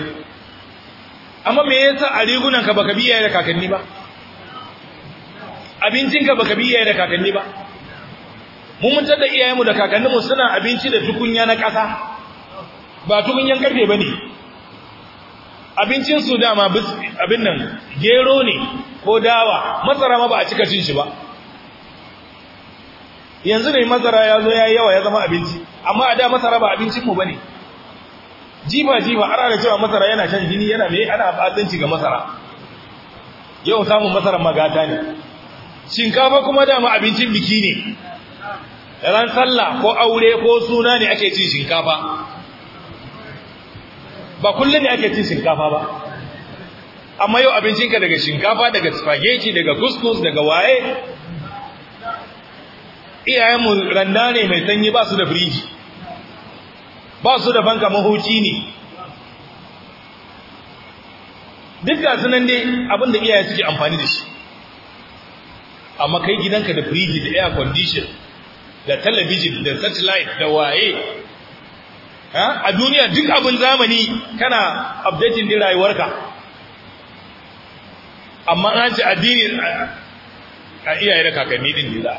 amma me yasa a rigunanka ka baka bi iyaye da kakanni ba Abincinka ka baka bi iyaye da kakanni ba mu mun tada iyayenmu da kakanninmu suna abinci da tukunya na ƙasa ba tukunyan karfe bane abincin su dama abin nan gero ne ko dawa masara ma ba a cika cin shi ba yanzu ne masara ya zo ya yi yawa ya zama abinci amma a da masara ba abincinmu ba ne jifa jifa ana da cewa masara yana shan jini yana mai ana fatanci ga masara yau samun masara magata ne shinkafa kuma dama abincin biki ne ran sallah ko aure ko suna ne ake cin shinkafa ba kullum ne ake cin shinkafa ba amma yau abincinka daga shinkafa daga spaghetti daga couscous daga waye iyayenmu randa ne mai sanyi ba su da firiji ba su da banka mahuci ne duk da sunan dai abinda iyaye suke amfani da shi amma kai gidanka da firiji da air condition da talabijin da satellite da waye a duniya duk abin zamani kana updating din rayuwarka amma an ce addini a iyaye da kakanni din jiza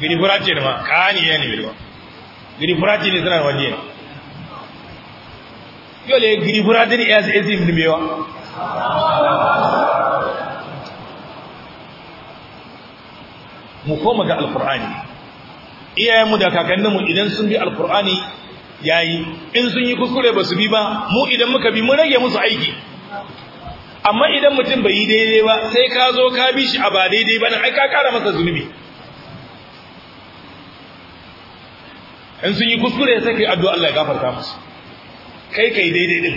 gini furace ne ma kani ya ne bilma gini furace ne suna waje ne yole gini furace ne ya sai zai mewa mu koma ga alkur'ani iyayenmu da kakanninmu idan sun bi alkur'ani yayi in sun yi kuskure ba su bi ba mu idan muka bi mun rage musu aiki amma idan mutum bai yi daidai ba sai ka zo ka bi shi a ba daidai ba nan ai ka kara masa zunubi in sun yi kuskure sai kai addu'a Allah ya gafarta musu kai kai daidai din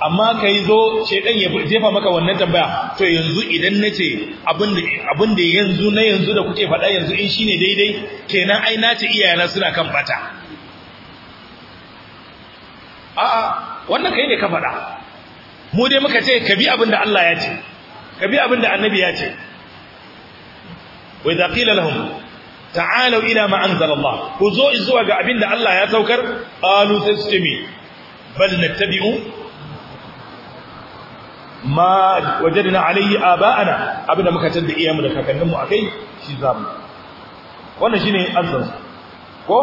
amma ka yi zo ɗan ya jefa maka wannan tambaya to yanzu idan ce abin abinda yanzu na yanzu da kuke faɗa yanzu in shine daidai kenan ai ce iyayena suna kan bata a'a wannan kai ne ka faɗa mu dai muka ce ka bi abinda Allah ya ce ka bi abinda annabi ya ce Wai idza qila lahum ta'alu ila ma anzala Allah ku zo zuwa ga abinda Allah ya saukar su ce mi bal nattabi'u ma wajadna alayhi aba'ana abinda muka tada iyamu da kakanninmu akai shi zamu wannan shine azan ko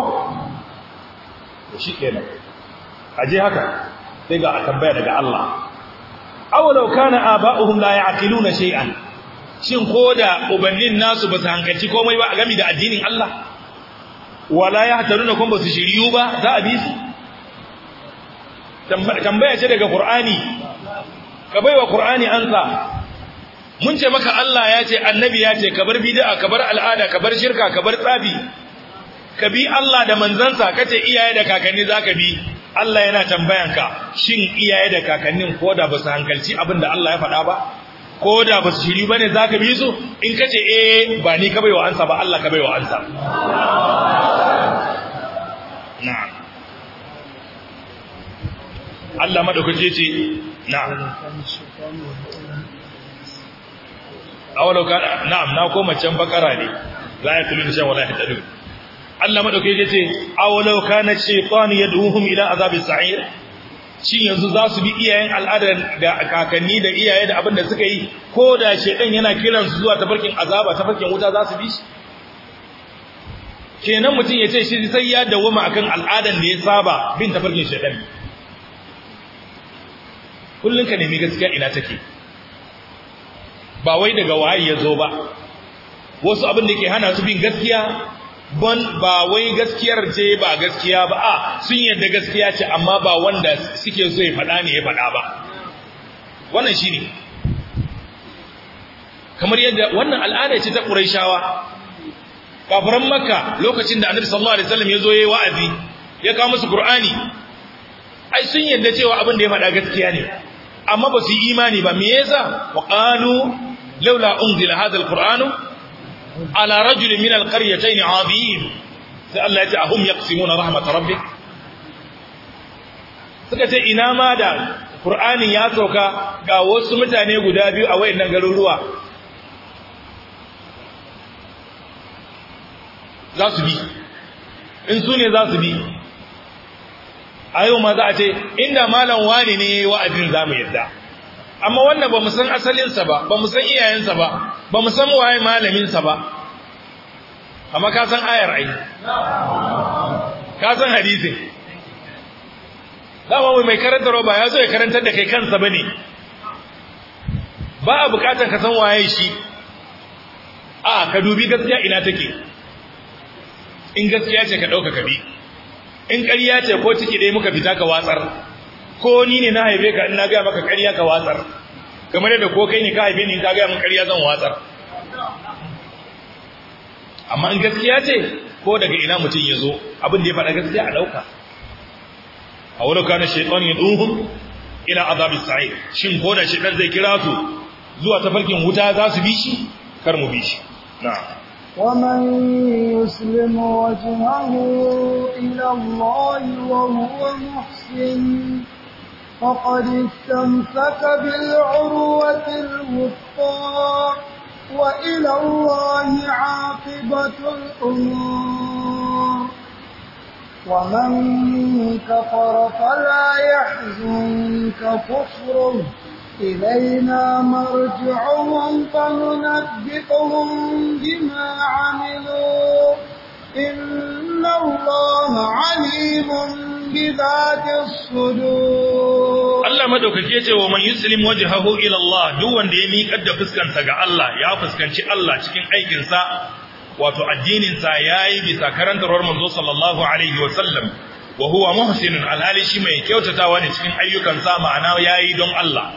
shi kenan aje haka sai ga tambaya daga Allah awalau kana aba'uhum la ya'qiluna shay'an shin koda ubannin nasu ba su hankaci komai ba game da addinin Allah wala yahtaruna kun ba su shiriyu ba za a bi su tambaya ce daga Qur'ani ka baiwa qur'ani ansa mun ce maka Allah ya ce annabi ya ce ka bar bid'a ka bar al'ada ka bar shirka ka bar tsafi ka bi Allah da manzansa kace iyaye da kakanni zaka bi Allah yana tambayan ka shin iyaye da kakannin ko ba su hankalci abinda Allah ya faɗa ba ko da ba su shiri ba ne bi su in ka ce eh ba ni ka baiwa ansa ba Allah ka baiwa ansa Allah madaukake ce na'am na'am na koma can bakara ne la shan Allah madauke yace awalau kana shaytan yad'uhum ila azabis sa'ir shi yanzu za su bi iyayen al'adar da kakanni da iyaye da abin da suka yi ko da shaytan yana kiran su zuwa tafarkin azaba tafarkin wuta za su bi shi kenan mutum yace shi sai ya ma akan al'adar da ya saba bin tafarkin shaytan kullum ka nemi gaskiya ina take ba wai daga waye ya zo ba wasu abin da ke hana su bin gaskiya ban ba wai gaskiyar ce ba gaskiya ba a sun yadda gaskiya ce amma ba wanda suke so ya faɗa ne ya faɗa ba wannan shine kamar yadda wannan al'ada ce ta Qurayshawa kafiran Makka lokacin da Annabi sallallahu alaihi wasallam ya zo yayi wa'azi ya kawo musu Qur'ani ai sun yadda cewa abin da ya faɗa gaskiya ne amma ba su yi imani ba me yasa wa qalu laula unzila hadha alquranu ala rajuli min alqaryatayn azim sai Allah ya ce ahum yaqsimuna rahmat rabbik suka ce ina ma da qur'ani ya sauka ga wasu mutane guda biyu a wayannan garuruwa za su bi in su ne za su bi a yau ma za a ce inda malam wani ne wa'azin za mu yadda amma wannan ba mu san asalinsa ba ba mu san iyayensa ba ba mu san waye malaminsa ba amma ka san ayar ai ka san hadisi dama mai karanta roba ya zo ya karantar da kai kansa ba ne ba a bukatar ka san waye shi a ka dubi gaskiya ina take in gaskiya ce ka ɗauka ka bi in ƙarya ce ko ciki ɗaya muka fita ka watsar ko ni ne na haife ka ina na gaya maka ƙarya ka watsar kamar yadda ko kai ne ka haife ni in ka gaya maka ƙarya zan watsar amma in gaskiya ce ko daga ina mutum ya zo abin da ya faɗa gaskiya a ɗauka a wani kana shaitan ya duhun ila azabis sa'ir shin ko da shaitan zai kira su zuwa tafarkin wuta za su bi shi kar mu bi shi na'am ومن يسلم وجهه إلى الله وهو محسن فقد استمسك بالعروة الوثقى وإلى الله عاقبة الأمور ومن كفر فلا يحزنك كفره إلينا مرجعهم فننبئهم بما عملوا إن الله عليم بذات الصدور الله madaukaki yace wa man yuslim wajhahu ila Allah duk wanda ya miƙar da fuskarsa ga Allah ya fuskanci Allah cikin aikinsa. wato addininsa sa yayi bisa karantarwar manzo sallallahu alaihi wa sallam wa huwa muhsinun mai kyautatawa ne cikin ayyukan sa ma'ana yayi don Allah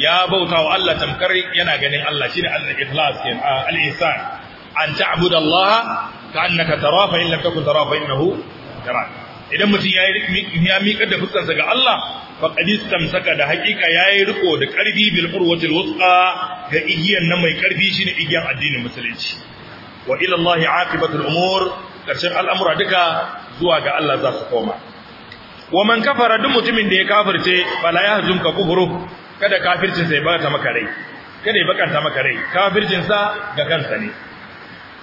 ya bauta wa Allah tamkar yana ganin Allah shine al-ikhlas al-ihsan an ta'budu Allah ka'annaka tara fa in lam takun tara fa innahu yara idan mutum yayi ya miƙar da fuskarsa ga Allah fa qadis tamsaka da hakika yayi riko da karfi bil urwati al ga igiyan nan mai karfi shine igiyan addinin musulunci wa ila Allah aqibatu al-umur karshen al'amura duka zuwa ga Allah za su koma wa man kafara duk mutumin da ya kafirce bala ya hajunka kufuru kada kafircin sai bata maka rai kada ya bakanta maka rai kafircin sa ga kansa ne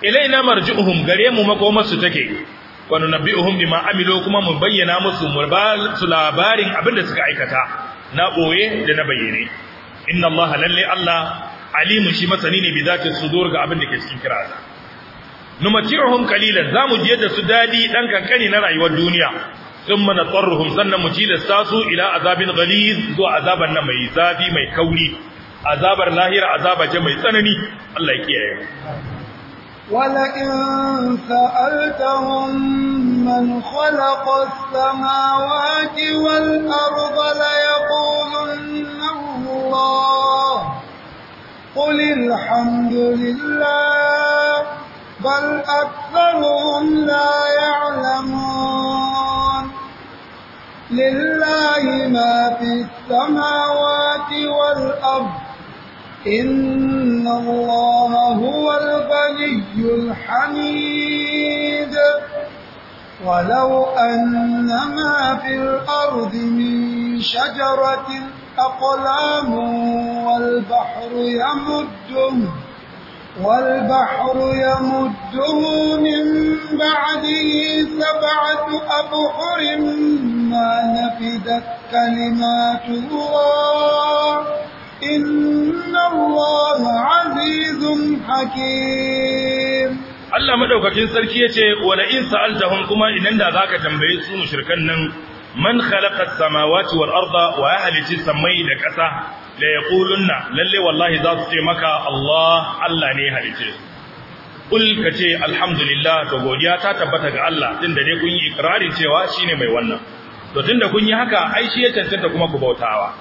ilaina marji'uhum gare mu makomarsu take wa nunabbi'uhum bima amilu kuma mu bayyana musu su labarin abin da suka aikata na boye da na bayyane inna allaha lalle allah alimu shi masani ne bi zati sudur ga abin da ke cikin kiraza numati'uhum qalilan zamu ji da su dadi dan kankani na rayuwar duniya thumma natarruhum sannan mu tilasta su ila azabin ghaliz zuwa azabar na mai zafi mai kauri azabar lahira azaba ce mai tsanani Allah ya kiyaye ولئن سألتهم من خلق السماوات والأرض ليقولن الله قل الحمد لله بل أكثرهم لا يعلمون لله ما في السماوات والأرض إن الله هو الغني الحميد ولو أن ما في الأرض من شجرة أقلام والبحر يمده والبحر يمده من بعده سبعة أبحر ما نفدت كلمات الله إن الله عزيز حكيم Allah madaukakin sarki ce wala in sa'altahum kuma idan da zaka tambaye su mushrikan nan man khalaqa samawati wal arda wa ya as-samai da ƙasa da ya kulunna, lalle wallahi za su ce maka Allah Allah ne halice kul kace alhamdulillah to godiya ta tabbata ga Allah tunda dai kun yi ikrarin cewa shi ne mai wannan to tunda kun yi haka ai shi ya tantance kuma ku bautawa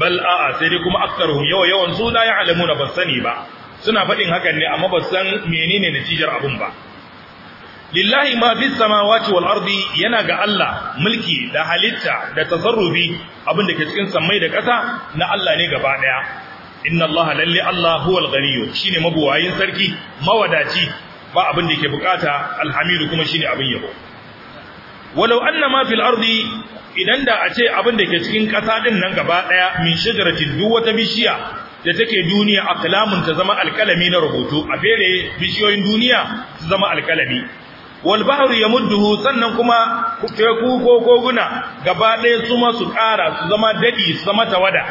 bal a'a sai dai kuma aktaruhum yawa yawan su la ya'lamuna basani ba suna faɗin hakan ne amma ba san menene natijar abun ba lillahi ma fi samawati wal ardi yana ga Allah mulki da halitta da tasarrufi abin da ke cikin samai da ƙasa na Allah ne gaba daya inna Allah lalle Allah huwal ghaniy shine mabuwayin sarki mawadaci ba abin da ke bukata alhamidu kuma shine abin yabo walau anna ma fil ardi idan da a ce abin da ke cikin ƙasa din nan gaba daya min shajaratin duk wata bishiya da take duniya kalamun ta zama alkalami na rubutu a fere bishiyoyin duniya su zama alkalami wal bahru yamudduhu sannan kuma teku ko koguna gaba ɗaya su ma su ƙara su zama dadi su zama tawada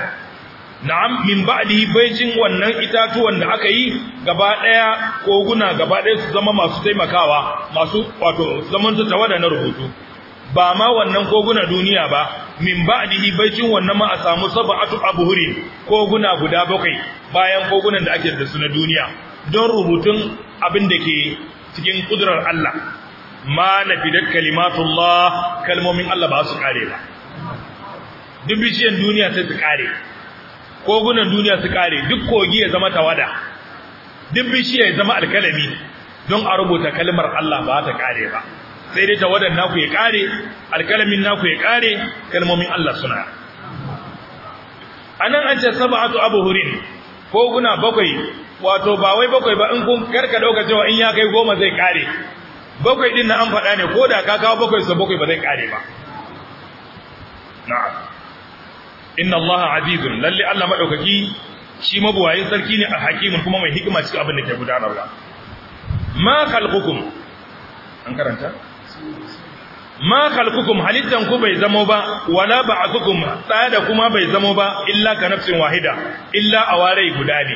na'am min ba'dihi baicin wannan itatuwan da aka yi gaba ɗaya koguna gaba ɗaya su zama masu taimakawa masu wato zaman su tawada na rubutu ba ma wannan koguna duniya ba min ba'dihi baicin wannan ma a samu sab'atu abhurin koguna guda bakwai bayan kogunan da ake da su na duniya don rubutun abin da ke cikin kudurar Allah ma na nafidat kalimatullah kalmomin Allah ba su kare ba duk bishiyan duniya sai su kare kogunan duniya su kare duk kogi ya zama tawada duk bishiya ya zama alkalami don a rubuta kalmar Allah ba ta kare ba sai dai tawadan naku ya kare alkalamin naku ya kare kalmomin Allah suna anan an ce sab'atu abhurin koguna bakwai wato ba wai bakwai ba in kun karka dauka cewa in ya kai goma zai kare bakwai din na an faɗa ne ko da ka kawo bakwai sa bakwai ba zai kare ba na'am inna allaha azizun lalle allah madaukaki shi mabuwayin sarki ne hakimin kuma mai hikima cikin abin da ke gudanarwa ma khalqukum an karanta ma khalqukum halittan ku bai zamo ba wala ba'athukum tsada kuma bai zamo ba illa ka nafsin wahida illa awarai guda ne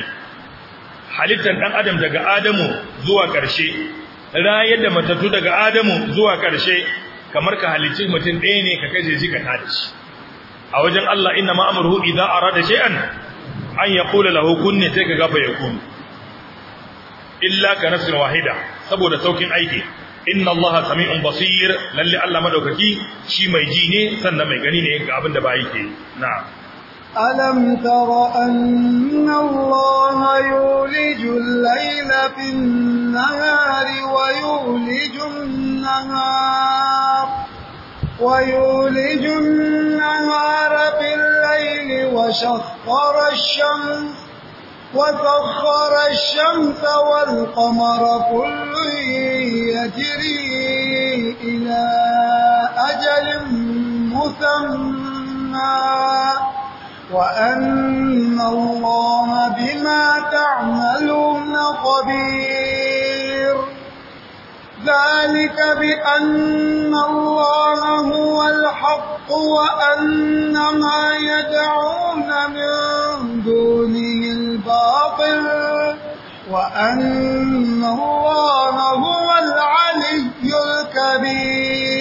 halittan dan adam daga adamu zuwa ƙarshe. rayar da matattu daga Adamu zuwa ƙarshe kamar ka halicci mutum ɗaya ne ka kaje shi ka tada shi a wajen Allah inna ma amruhu idza arada shay'an an yaqula lahu kun sai ka gafa ya yakun illa ka nafsin wahida saboda saukin aiki inna Allah sami'un basir lalle Allah madaukaki shi mai ji ne sannan mai gani ne ga abin da ba yake na'am ألم تر أن الله يولج الليل في النهار ويولج النهار ويولج النهار في الليل وشخر الشمس وسخر الشمس والقمر كل يجري إلى أجل مسمى وأن الله بما تعملون خبير ذلك بأن الله هو الحق وأن ما يدعون من دونه الباطل وأن الله هو العلي الكبير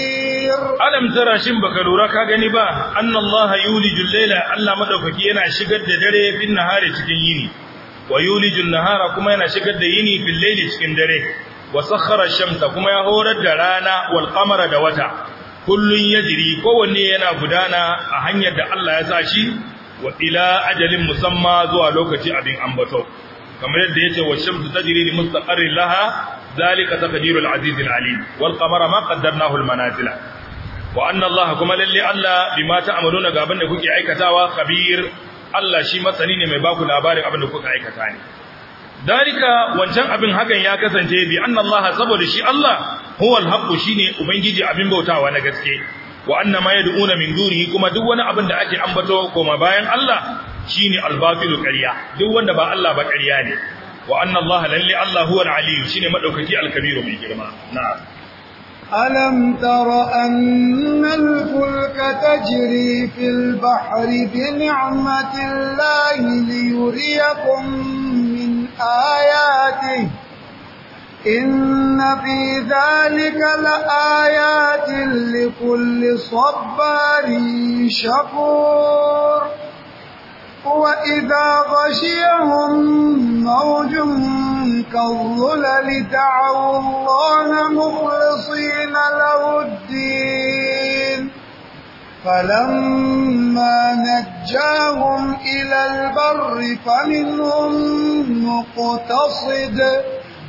alam tara shin baka lura ka gani ba annallaha yulijul layla Allah madaukaki yana shigar da dare fil nahari cikin yini wa yulijul nahara kuma yana shigar da yini fil layli cikin dare wa sakhara shamsa kuma ya horar da rana wal qamara da wata kullun yajri kowanne yana gudana a hanyar da Allah ya sa shi wa ila ajalin musamma zuwa lokaci abin ambato kamar yadda yace wa shamsu tajri li mustaqarrin laha zalika taqdirul azizil alim wal qamara ma qaddarnahu al manazila wa anna Allah kuma lalle Allah bima ta'maluna ga abin da kuke aikatawa khabir Allah shi masani ne mai baku labarin abin da kuka aikata ne dalika wancan abin hakan ya kasance bi anna Allah saboda shi Allah huwa al shine ubangiji abin bautawa na gaske wa anna ma yad'una min dunihi kuma duk wani abin da ake ambato koma bayan Allah shine al-batilu ƙarya duk wanda ba Allah ba karya ne wa anna Allah lalle Allah huwa al shine madaukaki al-kabiru mai girma na'am ألم تر أن الفلك تجري في البحر بنعمة الله ليريكم من آياته إن في ذلك لآيات لكل صبار شكور وإذا غشيهم موج كالظلل دعوا الله مخلصين له الدين فلما نجاهم إلى البر فمنهم مقتصد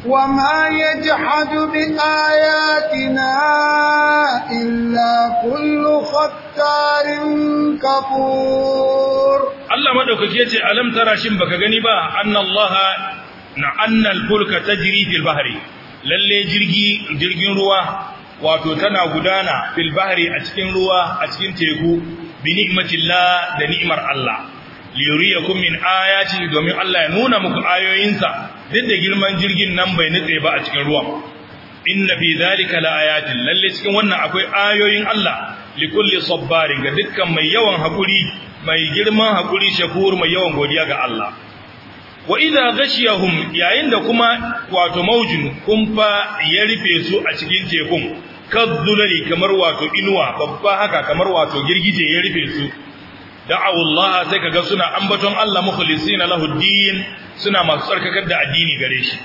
وما يجحد بآياتنا إلا كل ختار كفور Allah madaukaki yace alam tara shin baka gani ba annallaha na annal fulka tajri fil bahri lalle jirgi jirgin ruwa wato tana gudana fil bahri a cikin ruwa a cikin teku bi ni'matillah da ni'mar Allah liyuriyakum min ayati domin Allah ya nuna muku ayoyinsa duk da girman jirgin nan bai nutse ba a cikin ruwan inna fi zalika laayatin lalle cikin wannan akwai ayoyin Allah likulli sabbarin ga dukkan mai yawan hakuri mai girman hakuri shakur mai yawan godiya ga Allah wa idza ghashiyahum yayin da kuma wato maujin kumfa ya rufe su a cikin tekun kadzulali kamar wato inuwa babba haka kamar wato girgije ya rufe su da'u Allah sai kaga suna ambaton Allah mukhlisina na din suna masu tsarkakar da addini gare shi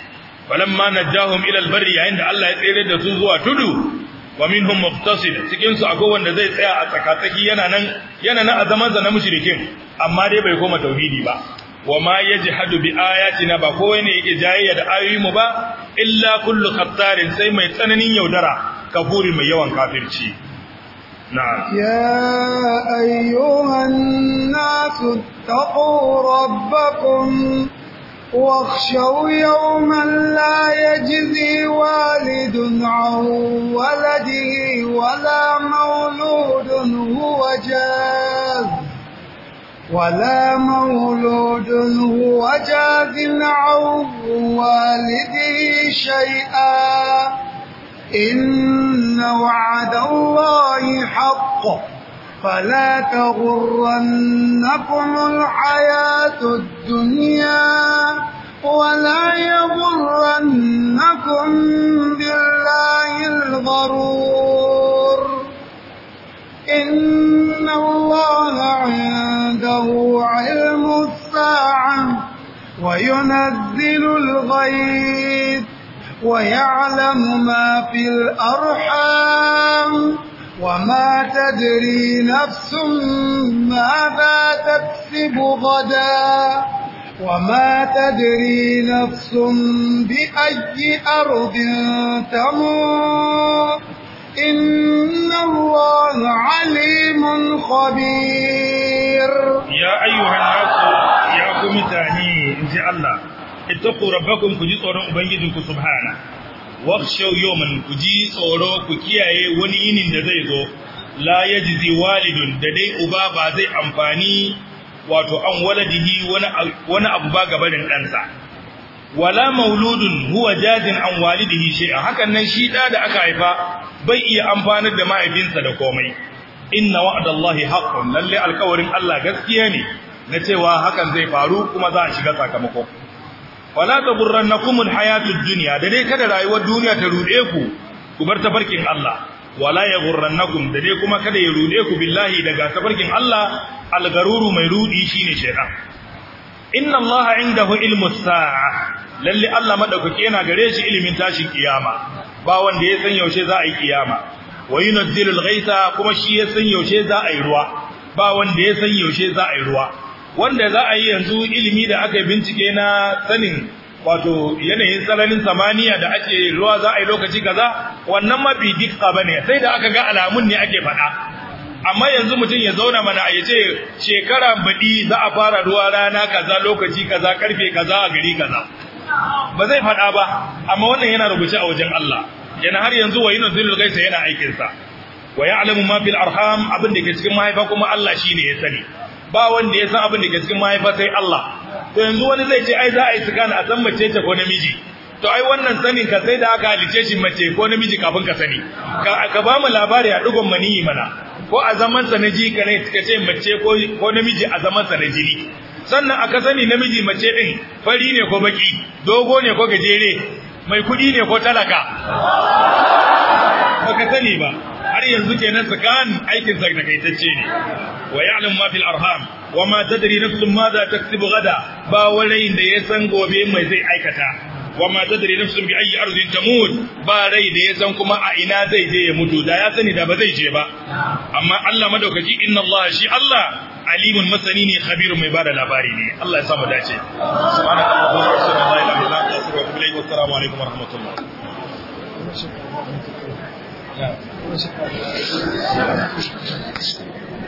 falamma najahum ila albarri yayin da Allah ya tsere da su zuwa tudu wa minhum muqtasid cikin su akwai wanda zai tsaya a tsakatsaki yana nan yana nan a zaman na mushrikin amma dai bai koma tauhidi ba wa ma yajhadu bi ayatina ba ko ne yake jayayya da ayoyi mu ba illa kullu khattarin sai mai tsananin yaudara kafuri mai yawan kafirci نعم يا أيها الناس اتقوا ربكم واخشوا يوما لا يجزي والد عن ولده ولا مولود هو جاز ولا مولود هو جاز عن والده شيئا إن وعد الله حق فلا تغرنكم الحياة الدنيا ولا يغرنكم بالله الغرور إن الله عنده علم الساعة وينزل الغيث ويعلم ما في الأرحام وما تدري نفس ماذا تكسب غدا وما تدري نفس بأي أرض تموت إن الله عليم خبير يا أيها الناس يا قوم تاني إن شاء الله اتقوا ربكم كجسر أبنجدكم سبحانه wakhshaw yoman ku ji tsoro ku kiyaye wani yinin da zai zo la yajzi walidun da dai uba ba zai amfani wato an waladihi wani wani abu ba gabarin ɗansa wala mauludun huwa jazin an walidihi shay'a hakan nan shi da da aka haifa bai iya amfanar da mahaifinsa da komai inna wa'dallahi haqqun lalle alkawarin Allah gaskiya ne na cewa hakan zai faru kuma za a shiga sakamako wala taburrannakumul hayatud dunya da dai kada rayuwar duniya ta rude ku ku bar tafarkin Allah wala yaghurrannakum da dai kuma kada ya rude ku billahi daga tafarkin Allah algaruru mai rudi shine shaytan inna Allah indahu ilmus sa'a lalle Allah madaukake yana gare shi ilimin tashin kiyama ba wanda ya san yaushe za a yi kiyama wa yunazzilul ghaitha kuma shi ya san yaushe za a yi ruwa ba wanda ya san yaushe za a yi ruwa wanda za a yi yanzu ilimi da aka yi bincike na sanin wato yanayin tsananin samaniya da ake ruwa za a yi lokaci kaza wannan mafi dikka ba ne, sai da aka ga alamun ne ake faɗa amma yanzu mutum ya zauna mana a yace shekara baɗi za a fara ruwa rana kaza lokaci kaza karfe kaza a gari kaza ba zai faɗa ba amma wannan yana rubuce a wajen Allah yana har yanzu wa yana zulul gaisa yana aikinsa. wa ya'lamu ma fil arham abin da ke cikin mahaifa kuma Allah shi ne ya sani ba wanda ya san abin da ke cikin mahaifa sai Allah to yanzu wani zai ce ai za a yi sikana a san mace ce ko namiji to ai wannan sanin ka sai da aka halice shi mace ko namiji kafin ka sani ka ba mu labari a dugon maniyi mana ko a zaman sa na ji ka ne ka ce mace ko ko namiji a zaman sa na jini sannan aka sani namiji mace din fari ne ko baki dogo ne ko gajere mai kudi ne ko talaka baka sani ba har yanzu kenan sakan aikin sa da kaitacce ne ويعلم ما في الأرحام وما تدري نفس ماذا تكسب غدا باولين دي يسنقو بهم زي أيكتا وما تدري نفس بأي أرض تموت باري دي يسنكما أئنا زي دي يموتو دا يسني دا بزي جيبا أما الله مدوكجي إن الله شي الله alimun masani ne khabirun mai bada labari ne Allah ya samu dace subhanaka allahumma wa bihamdika la ilaha illa anta astaghfiruka wa